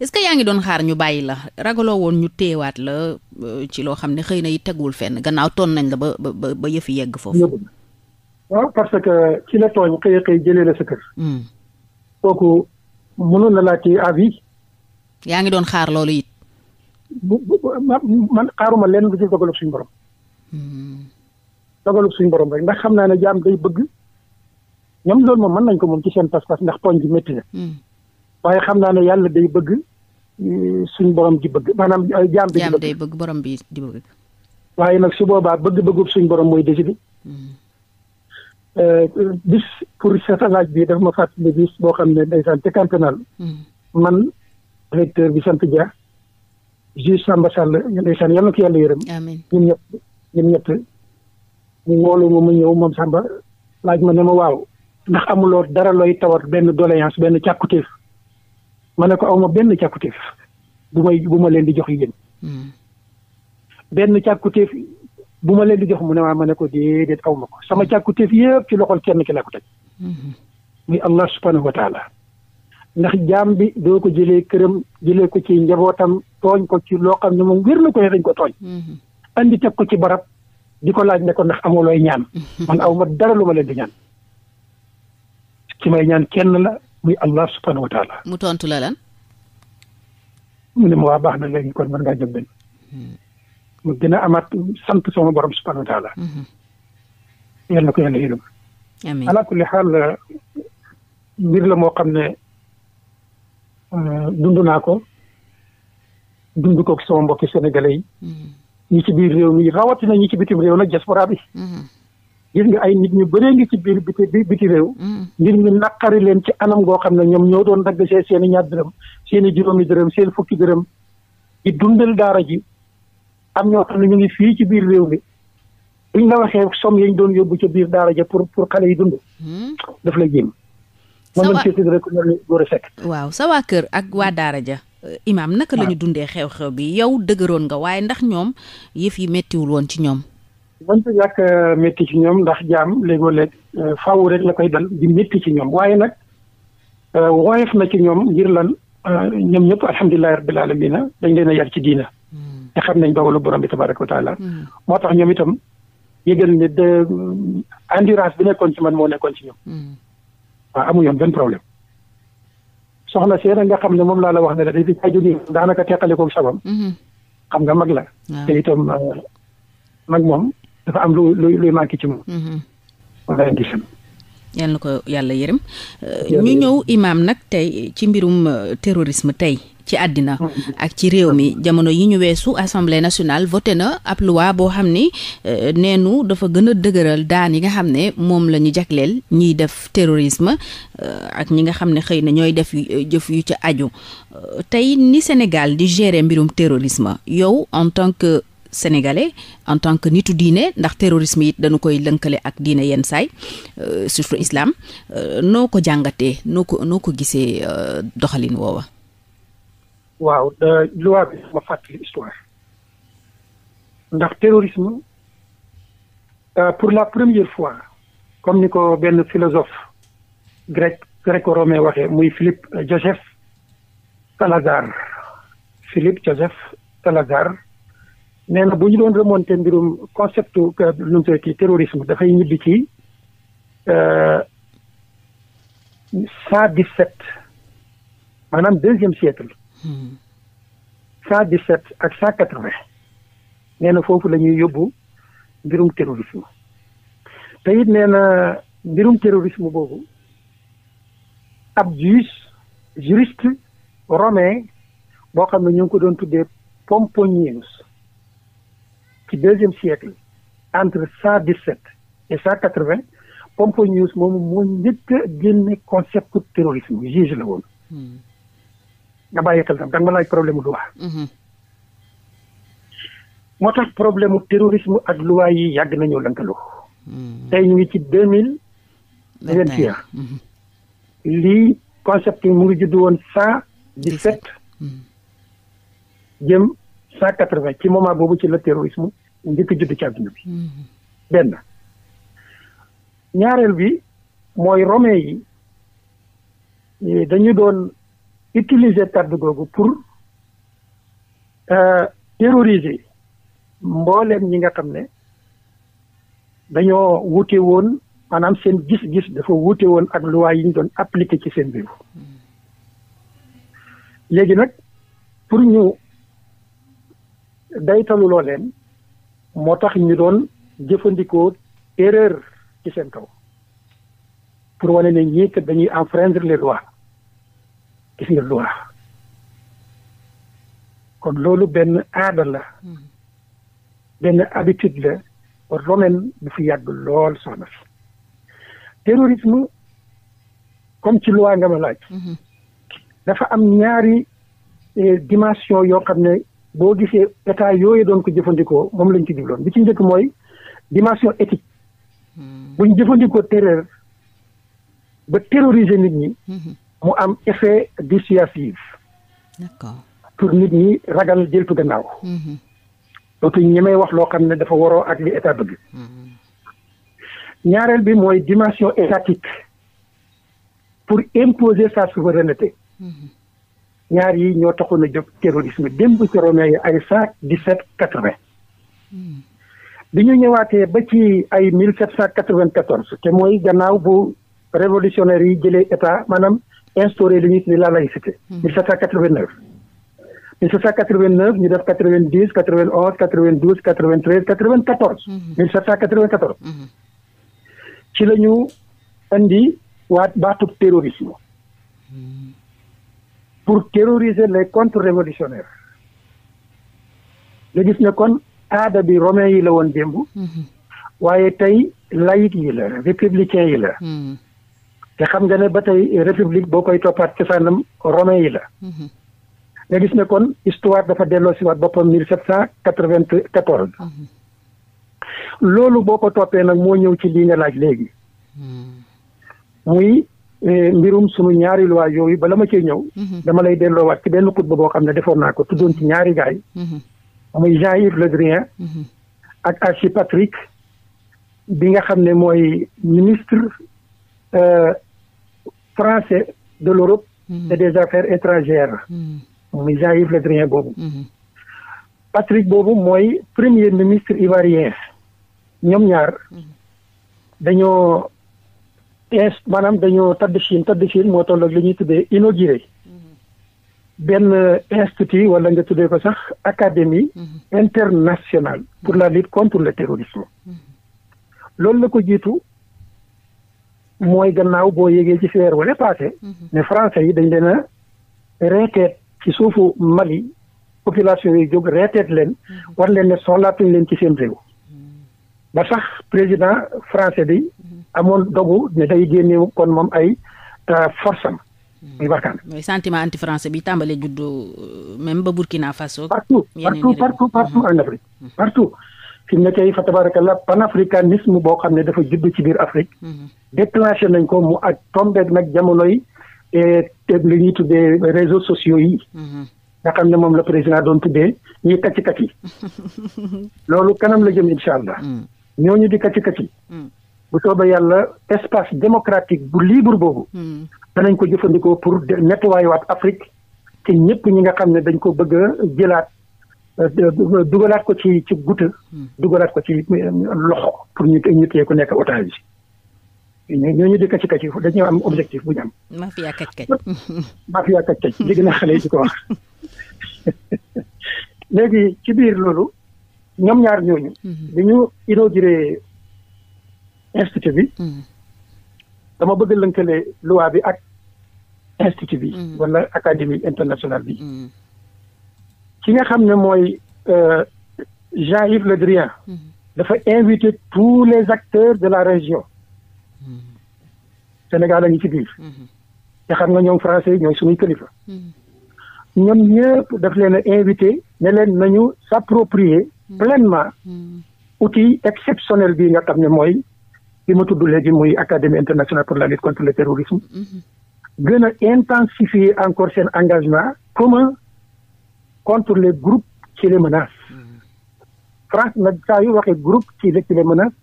Speaker 1: yaa ngi doon xaar ñu bàyyi la ragaloo woon ñu teewaat la euh, ci loo xam ne xëy na yi teguwul fenn gannaaw toon nañ la ba ba ba yëfi yegg foofu.
Speaker 2: waaw parce que ci la tooñ xëy xëy jëlee la sa kër. Mm. kooku mënoon na laa ci avis.
Speaker 1: yaa ngi doon xaar loolu it.
Speaker 2: bu bu man xaaruma lenn lu dul dogalu suñu borom. Mm. dogalu suñu borom rek ndax xam naa ne jaam day bëgg ñoom loolu moom mën nañ ko moom ci seen pas-pas ndax poñ bi métti na hmm. waaye xam naa ne yàlla day bëgg euh, suñ borom di bëgg maanaam euh, jaam bi jaam day bëgg borom bi di bëgg waaye nag si boobaa bëgg-bëggub suñ borom mooy décidé hmm. euh, bis pour sa laaj bi dafa ma fàttali bis boo xam ne ndeysaan ca cantonal hmm. man directeur bi sant Dia juge Samba Sall ndeysaan yal na ko yàlla yërëm ñun ñëpp ñun ñu woolu ma ma ñëw moom Samba laaj ma ne ma waaw ndax amuloo dara looy tawat benn doléance benn càkkutéef ma ne ko aw ma benn càkkutéef bu may bu ma leen di jox yéen. Hmm. benn càkkutéef bu ma leen di jox mu ne maa ma ne ko déedéet aw ma ko sama càkkutéef yëpp ci loxol kenn ki laa ko teg. Hmm. muy Allah subhanahu wa ndax jaam bi doo ko jëlee këram jëlee ko ci njabootam tooñ ko ci loo xam ne moom wér na ko ne dañ ko tooñ. Hmm. andi teg ko ci barab di ko laaj ne ko ndax amoo looy ñaan man aw ma dara lu ma leen di ñaan ki may ñaan kenn la muy allah subhanahu wa taala. mu tontu la lan. mu ne ma waa baax na léegi kon mën ngaa jóg benn hmm. mu gën a amaat sant sama borom subhanahu wa taala. Hmm. yal na ko yàlla yërëm. amiin ala kulli xaal mbir la moo xam ne euh, dund naa ko dund ko sama mbokki sénégalais yi. Hmm. ñi ci biir réew mi rawatina ñi ci bitim réew nag diaspora bi mm-hmm. gis nga ay nit ñu bëree ngi ci biir biti biti réew mm-hmm. ngir ñu naqari leen ci anam goo xam ne ñoom ñoo doon dagg see seen i ñaar dërëm seen i juróomi dërëm seen fukki dërëm di dundal daara ji am ñoo xam ñu ngi fii ci biir réew mi buñ la waxee somme yañ doon yóbbu ca biir daara ja pour pour xale yi dund mm-hmm. daf la jéem
Speaker 1: waaw sa waa kër ak waa daara ja Euh, imaam naka ah. la dundee xew-xew bi yow dëgëroon nga waaye ndax ñoom yëf yi méttiwul woon ci ñoom.
Speaker 2: mënta ñàkk euh, métti ci ñoom ndax jaam léegoo léeg euh, faaw rek la koy dal di métti ci ñoom waaye nag woyof na ci ñoom ngir lan ñoom ñëpp alhamdulilahi rabbil alamina dañ leen a yar ci diina. Hmm. te xam nañ dogalu borom bi tabaraka wa hmm. moo tax ñoom itam yëgal ne de endurance bi nekkoon ci man moo nekkoon ci ñoom. Hmm. waaw amu yoon benn problème. soxna seena nga xam ne moom laa la wax ne la di kaa jóge daanaka teqalikoog sabam mm-hmm. xam nga mag la te itam euh, mag moom dafa am lu luy luy manqué ci moom mm-hmm. wala gisam
Speaker 1: yal na ko yàlla yërëm euh, ñu ñëw imaam nag tey ci mbirum euh, terrorisme tey ci àddina ak ci réew mi jamono yi ñu weesu assemblée nationale voté na ab loi boo xam ni euh, neenu dafa gën a dëgëral daan yi nga xam ne moom la ñu jagleel ñuy def terrorisme ak ñi nga xam ne xëy na ñooy def jëf yu ca aju tey ni Sénégal di gérer mbirum terrorisme yow en tant que sénégalais en tant que nitu diine ndax terrorisme it dañu koy lënkale ak diine yenn saay euh, surtout islam euh, noo ko jàngatee noo ko noo ko gisee euh, doxalin woowa.
Speaker 2: waaw loi bi ma fàttali histoire ndax terrorisme pour la première fois comme ni ko benn philosophe grec gréco-romain waxee muy Philippe Joseph Salazar Philippe Joseph Salazar nee na bu ñu doon remonté mbirum concept lu euh, mu kii terrorisme dafay ñibbi ci euh, cent dix sept maanaam deuxième siècle hmm. cent dix sept ak cent quatre vingt nee na foofu lañuy ñuy yóbbu mbirum terrorisme te it nee na mbirum terrorisme boobu ab jus juriste romain boo xam ne ñu ngi ko doon tuddee Pomponius ci deuxième siècle entre cent dix sept et cent quatre vingt Pomponius moom moo njëkk a génne concept terrorisme juge la woon. Hmm. nga bàyyi xel tam da nga ma laaj problème mu loi. Hmm. moo tax problème mu terrorisme ak loi yi yàgg nañoo lëkkaloo. Hmm. tey ñu ngi ci deux mille. vingt concept yi mu ngi judd woon cent dix sept jëm cent quatre vingt ci moment boobu ci la terrorisme njëkk a judd ci àdduna bi. benn ñaareel bi mooy romain yi eh, dañu doon utiliser kàddu googu pour euh, terroriser mbooleem ñi nga xam ne dañoo wute woon maanaam seen gis-gis dafa wute woon ak loi yi ñu doon appliqué ci seen réew hmm. léegi nag pour ñu. daytaluloo leen moo tax ñu doon jëfandikoo erreur ci seen kaw pour wane ne ñii kat dañuy enfreindre les lois gis nga loi kon loolu benn aada la hmm. benn habitude la romaine bu fi yàgg lool soxna fi terrorisme comme ci loi nga ma laaj hmm. dafa am ñaari eh, dimension yoo xam ne boo gisee état yooyu doon ko jëfandikoo moom lañ ci jubloon bi ci njëkk mooy dimension éthique hmm. buñ jëfandikoo terreur ba terroriser nit ñi hmm. mu am effet dissuasif d'accord pour nit ñi ragal jëltu gannaaw hmm. dootuñ ñemee wax loo xam ne dafa waroo ak li état bëgg ñaareel bi mooy dimension étatique pour imposer sa souveraineté ñaar yi ñoo taxoon a jóg terrorisme démb ci romain yi ay cent dix sept quatre vingt bi ñu ñëwaatee ba ci ay mille sept cent quatre vingt quatorze te mooy gannaaw bu révolutionnaire yi jëlee état maanaam instauré li ñuy tuddee la laïcité hmm. mille sept cent quatre vingt neuf mille sept cent quatre vingt neuf ñu def quatre vingt dix quatre vingt onze quatre vingt douze quatre vingt treize quatre vingt quatorze hmm. mille sept cent quatre vingt quatorze hmm. ci la ñu indi waat pour terroriser les contre-révolutionnaires nga gis ne kon aada bi romain yi la woon démb mhm. waaye tey layit yi la républicain yi la mhm. te xam nga ne ba tey république boo koy toppaat cosaanam romain yi la mhm. nga gis ne kon histoire dafa delloo si waat boppam mille sept cent quatre-vingt-quatorze loolu boo ko toppee nag moo ñëw ci lii nga laaj léegi muy Eh, mbirum sunu ñaari loi yooyu bala ma cee ñëw. Mhm. dama lay delloowaat ci benn xutba boo xam ne defoon naa ko tuddoon ci ñaari gaay mhm. muy Jean-Yves Le Drian. Mhm. ak Archie Patrick bi nga xam ne mooy ministre euh, français de l'Europe et des affaires étrangères. muy Jean-Yves Le boobu. Patrick boobu mooy premier ministre ivoirien ñoom ñaar dañoo. ins maanaam dañoo tadd Chine tadd Chine moo toll ak ñuy tuddee inauguré benn institut wala nga tuddee ko sax académie mhm. internationale pour la lutte contre le terrorisme mhm. loolu la ko jiitu mooy gannaaw boo yégee ci feer wala passé mhm. ne français yi dañ leen reeteet ci suufu Mali population yi jóg reeteet leen war leen ne soxlaatuñ leen ci seen réew ba sax président français bi amoon dogu ne day génne kon moom ay euh, force am. Hmm. muy Barkhane.
Speaker 1: mooy sentiment anti français bi tàmbalee juddoo euh, même ba Burkina
Speaker 2: Faso. partout partout partout partout hmm. en Afrique. Hmm. partout fi la ne tey fa tabarakallah panafricanisme boo xam ne dafa judd ci biir Afrique. déclenché nañ ko mu ak tombé nag jamonoy te li ñuy tuddee réseaux sociaux yi. nga xam ne moom la président doon tuddee ñuy kacci kacci. loolu kanam la jëm incha allah. ñooñu di kacci kacci. bu soobee yàlla espace démocratique bu libre boobu. Hmm. danañ ko jëfandikoo pour nettoyer waat Afrique te ñëpp ñi nga xam ne dañ ko bëgg a jëlaat euh, dugalaat ko ci ci goutte. Hmm. dugalaat ko ci euh, loxo pour ñu ñu téye ku nekk otage yi ñooñu di kacc kacc dañu am objectif bu ñu am.
Speaker 1: mafia kacc kacc.
Speaker 2: mafia kacc kacc dégg naa xale yi di ko wax léegi ci biir loolu ñoom ñaar ñooñu. dañu hmm. inauguré institut bi. Mm. dama bëgg lënkale loi bi ak institut bi. Mm. wala académie internationale bi. Mm. ki nga xam ne mooy euh, Jean-Yves Le Drian. dafa invité tous les acteurs de la région. Sénégal a ngi ci biir. te xam nga ñoom français yi ñooy suñuy kilifa. ñoom ñëpp daf leen a invité ne nañu s'approprier pleinement outil exceptionnel bii nga xam ne mooy. li ma tudd léegi muy académie internationale pour la lutte contre le terrorisme. Mhm. gën a intensifier encore seen engagement commun contre les groupes qui les menacent. Mhm. France nag saa yu waxee groupe qui les qui les menace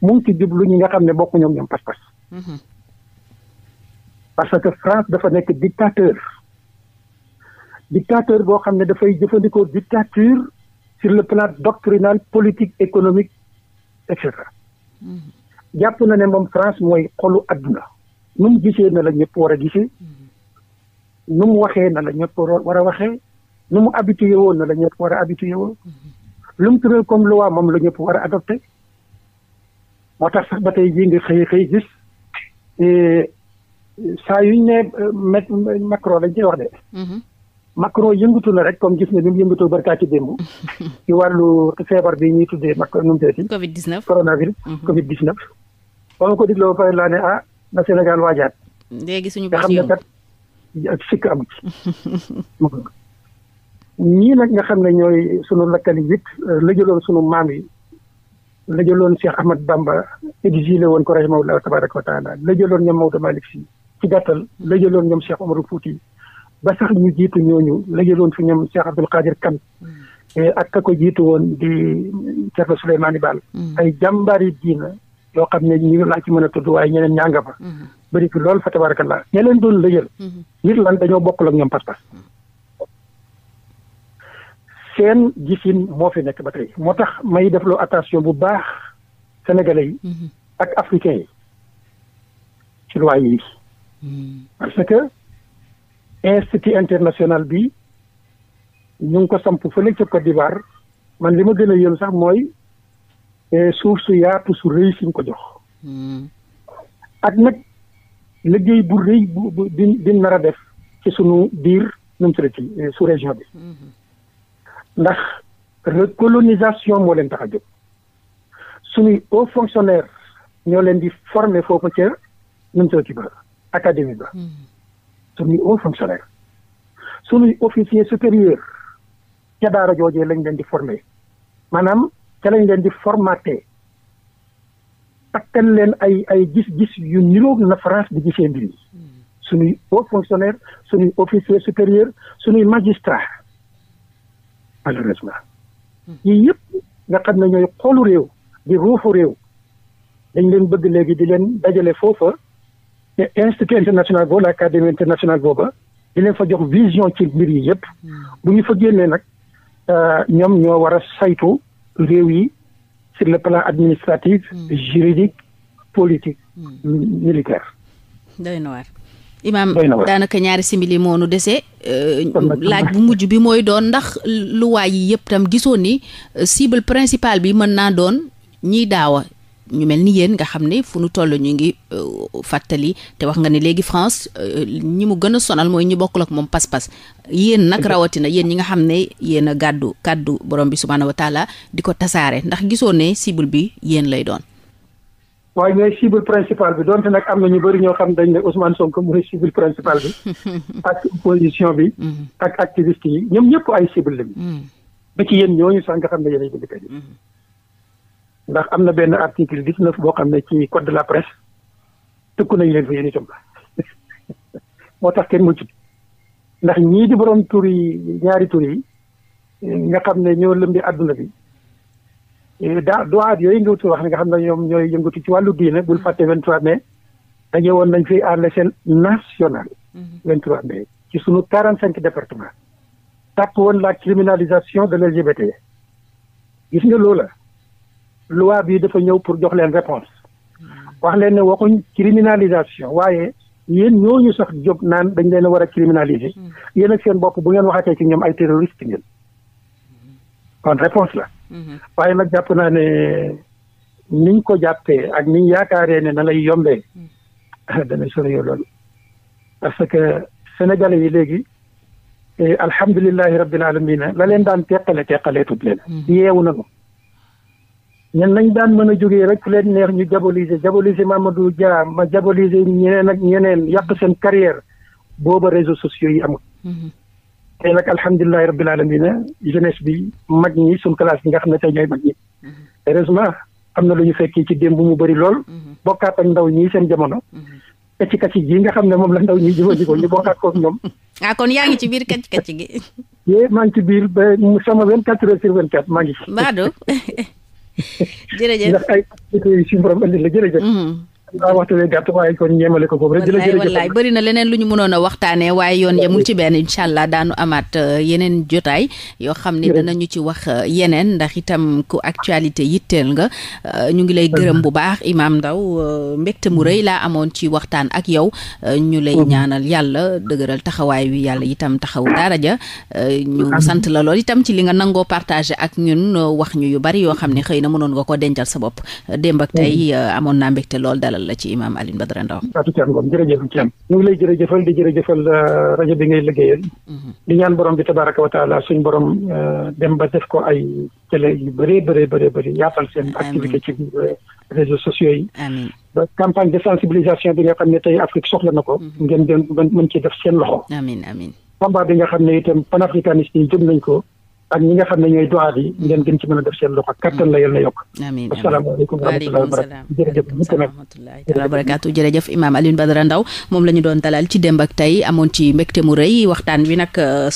Speaker 2: mu ngi ci jublu ñi nga xam ne bokk ñoom ñoom pas-pas. Mhm. parce que France dafa nekk dictateur. dictateur boo xam ne dafay jëfandikoo dictature sur le plan doctrinal politique économique et jàpp na ne moom France mooy xolu adduna nu mu gisee na la ñëpp war a gisee nu mu waxee na la ñëpp war a waxee nu mu habitué woon na la ñëpp war a habitué woon lu mu tëral comme loi moom la ñëpp war a adopté moo tax sax ba tey jii nga xëy xëy gis saa yu yuñ ne macro lañ koy wax de. Mm-hmm. Macron yëngatu na rek comme gis na bi mu yëngatoo barkaa ci démb ci wàllu feebar bi ñuy tuddee mak nu mu teeti covid 19 coronavirus mhm. covid 19 ba ma ko digloo ba pare laa ne ah na Sénégal waajaat nga xam ne kat ak sikk am ñii nag nga xam ne ñooy sunu lakkali it euh, lëjaloon sunu maam yi lëjaloon Cheikh Ahmad Bamba exilé woon ko rahimahullaahu tabaaraka wa taala lëjaloon ñoom Maodo Malick Sy ci gàttal lëjaloon ñoom Cheikh Omarou Fouti ba sax ñu jiitu ñooñu lëjëloon fi ñoom Cheikh Abdoul Qadir Kane mm. eh, ak ka ko jiitu woon di Thierno Souleymane Baal mm. ay jàmbaari diina yoo xam ne ñu laa ci mën a tudd waaye ñeneen ñaa nga fa mm-hmm. bëri fi loolu fa tabarakallah ña leen doon lëjël mm-hmm. ngir dañoo bokkul ak ñoom pas-pas seen gisin moo fi nekk ba tey moo tax may def loo attention bu baax sénégalais yi mm-hmm. ak africains yi ci yi parce que institut international bi ñu ngi ko samp fële ca Côte d'Ivoire man li ma gën a yëm sax mooy eh, suuf su yaatu su rëy suñ ko jox. Hmm. ak nag liggéey bu rëy bu bu di di a def ci sunu diir num mu ci eh, su région bi. Hmm. ndax recolonisation moo leen tax a jóg suñuy haut fonctionnaire ñoo leen di former foofu ca num mu ci ba académie ba. Hmm. suñuy haut fonctionnaire suñuy officier supérieur ca daara joojee lañ leen di former maanaam ca lañ leen di formaté takkal leen ay ay gis-gis yu niroog na France di gisee mbir yi suñuy haut fonctionnaire suñuy officier supérieur suñuy magistrat malheureusement yii yëpp nga xam ne ñooy xoolu réew di ruufu réew dañ leen bëgg léegi di leen dajale foofa te institut international boobu la académie internationale booba di leen fa jox vision ci mbir yi yëpp bu ñu fa génnee nag euh, ñoom ñoo war a saytu réew yi sur le plan administratif hmm. juridique politique hmm. militaire
Speaker 1: doy na waar imaam daanaka ñaari simili moo nu dese euh, laaj bu mujj bi mooy doon ndax luwaay yi yëpp tam gisoon ni euh, cible principal bi mën naa doon ñiy daawa ñu mel ni yéen nga xam ne fu nu toll ñu ngi euh, fàttali te wax nga ni léegi France euh, ñi mu gën a sonal mooy ñu bokkul ak moom pas-pas yéen nag rawatina yéen ñi nga xam ne yéen a gàddu kàddu borom bi subhaanahu wa taala di ko tasaare ndax gisoo ne cible bi yéen lay doon.
Speaker 2: waaye ñooy cible principal bi donte nag am na ñu bëri ñoo xam ne Ousmane Sonko mooy cible principal bi. ak opposition bi. Mm-hmm. ak activiste yi ñoom ñëpp ay cible lañu. Mm-hmm. ba ci yéen ñooñu sax nga xam ne yéenay bind ndax am na benn article dix neuf boo xam ne ci code de la presse tëkku nañu leen fi yéen la moo tax kenn muccut ndax ñii di borom tur yi ñaari tour yi nga xam ne ñoo lëmbi àdduna bi eh, daa doaat yooyu nga wutul wax ne nga xam ne ñoom ñooy yëngatu ci wàllu diine bul fàtte 23 mai dañu woon nañ fi à l'échelle nationale 23 mm-hmm. mai ci sunu cinq département tàpp woon la criminalisation de l'LGBT gis nga loola loi bi dafa ñëw pour jox leen réponse wax leen ne waxuñ criminalisation waaye yéen ñooñu sax jóg naan dañ leen a war a criminaliser hmm. yéen ak seen bopp bu ngeen waxatee ci ñoom ay terroriste ngeen hmm. kon réponse la hmm. waaye nag jàpp naa ne niñ ko jàppee ak niñ yaakaaree ne na lay yombee dana soriyo loolu parce que sénégalais yi léegi eh, alhamdulilahi rabbil alamina la leen daan teqale teqalee tut leen yeewu nañu ñun lañ daan mën a jógee rek fu leen neex ñu diaboliser ma Mamadou Dia ma diaboliser ñeneen ak ñeneen yàq seen carrière booba réseaux sociaux yi amul. Mhm. tey nag alhamdulilah rabbil alamin jeunesse bi mag ñi suñ classe bi nga xam ne tey ñooy mag ñi. Mhm. heureusement am na lu ñu fekkee ci démb mu bëri lool. Mhm. bokkaat ak ndaw ñi seen jamono. kacci kacci gi nga xam ne moom la ndaw ñi jëfandikoo ñu bokkaat koog ñoom.
Speaker 1: ah kon yaa ngi ci biir kacci kacci gi.
Speaker 2: maa ngi ci biir ba sama 24 heures sur 24 maa ngi ci. jërëjëf ndax ay activités yu suñu borom andi la jërëjëf. daa waxtu bi ko foofu rek di wallaay
Speaker 1: bëri na leneen lu ñu mënoon a waaye yoon yemul ci benn incha allah daanu amaat euh, yeneen jotaay yoo xam ne ñu ci wax euh, yeneen ndax itam ku actualité yitteel nga euh, ñu ngi lay gërëm bu baax Imaam Ndao mbégte mu rëy laa amoon ci waxtaan ak yow ñu lay mm-hmm. ñaanal yàlla dëgëral taxawaay wi yàlla itam taxaw daara ja ñu sant la lool itam ci li nga nangoo partage ak ñun wax ñu yu bari yoo xam ne xëy na mënoon nga ko dencal sa bopp démb ak mm-hmm. tey amoon naa mbégte lool dalal la ci imaam Alioune Badara Ndao.
Speaker 2: Fatou Thiam Ngom jërëjëf Thiam ñu ngi lay jërëjëfal di jërëjëfal euh, rajo bi ngay liggéeyal. Mhm. di ñaan borom bi tabaraka wa suñ borom euh, dem ba def ko ay télé yu bëree bëree bëree bëri yaatal seen. activité ci euh, réseaux sociaux yi. amiin ba campagne de sensibilisation bi nga xam ne tey Afrique soxla na ko. Mhm. ngeen gën mën ci def seen loxo. amiin amiin combat yi jóg nañ ko. ak ñi nga xam ne ñooy doxaat yi ngeen gën ci mën a def seen loxo kattan la yal yokk amiin asalaamaaleykum waaleykum wa
Speaker 1: barakaatu ñu doon dalal ci démb ak euh,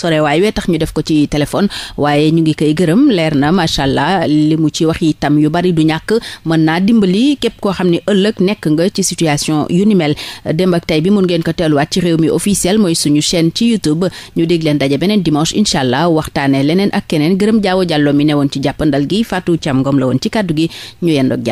Speaker 1: ñu def ko ci téléphone waaye na macha allah li mu ci wax itam yu bari du ñàkk mën naa dimbali képp koo xam ne ëllëg nekk nga ci situation yu mel démb ak tey bi mun ngeen ko teeluwaat ci réew mi officiel mooy suñu chaîne ci youtube ñu dégg leen daje beneen waxtaane leneen ak keneen gërëm jaawo jàlloo mi newoon ci jàppandal gi Fatou Thiam Ngom la woon ci kàddu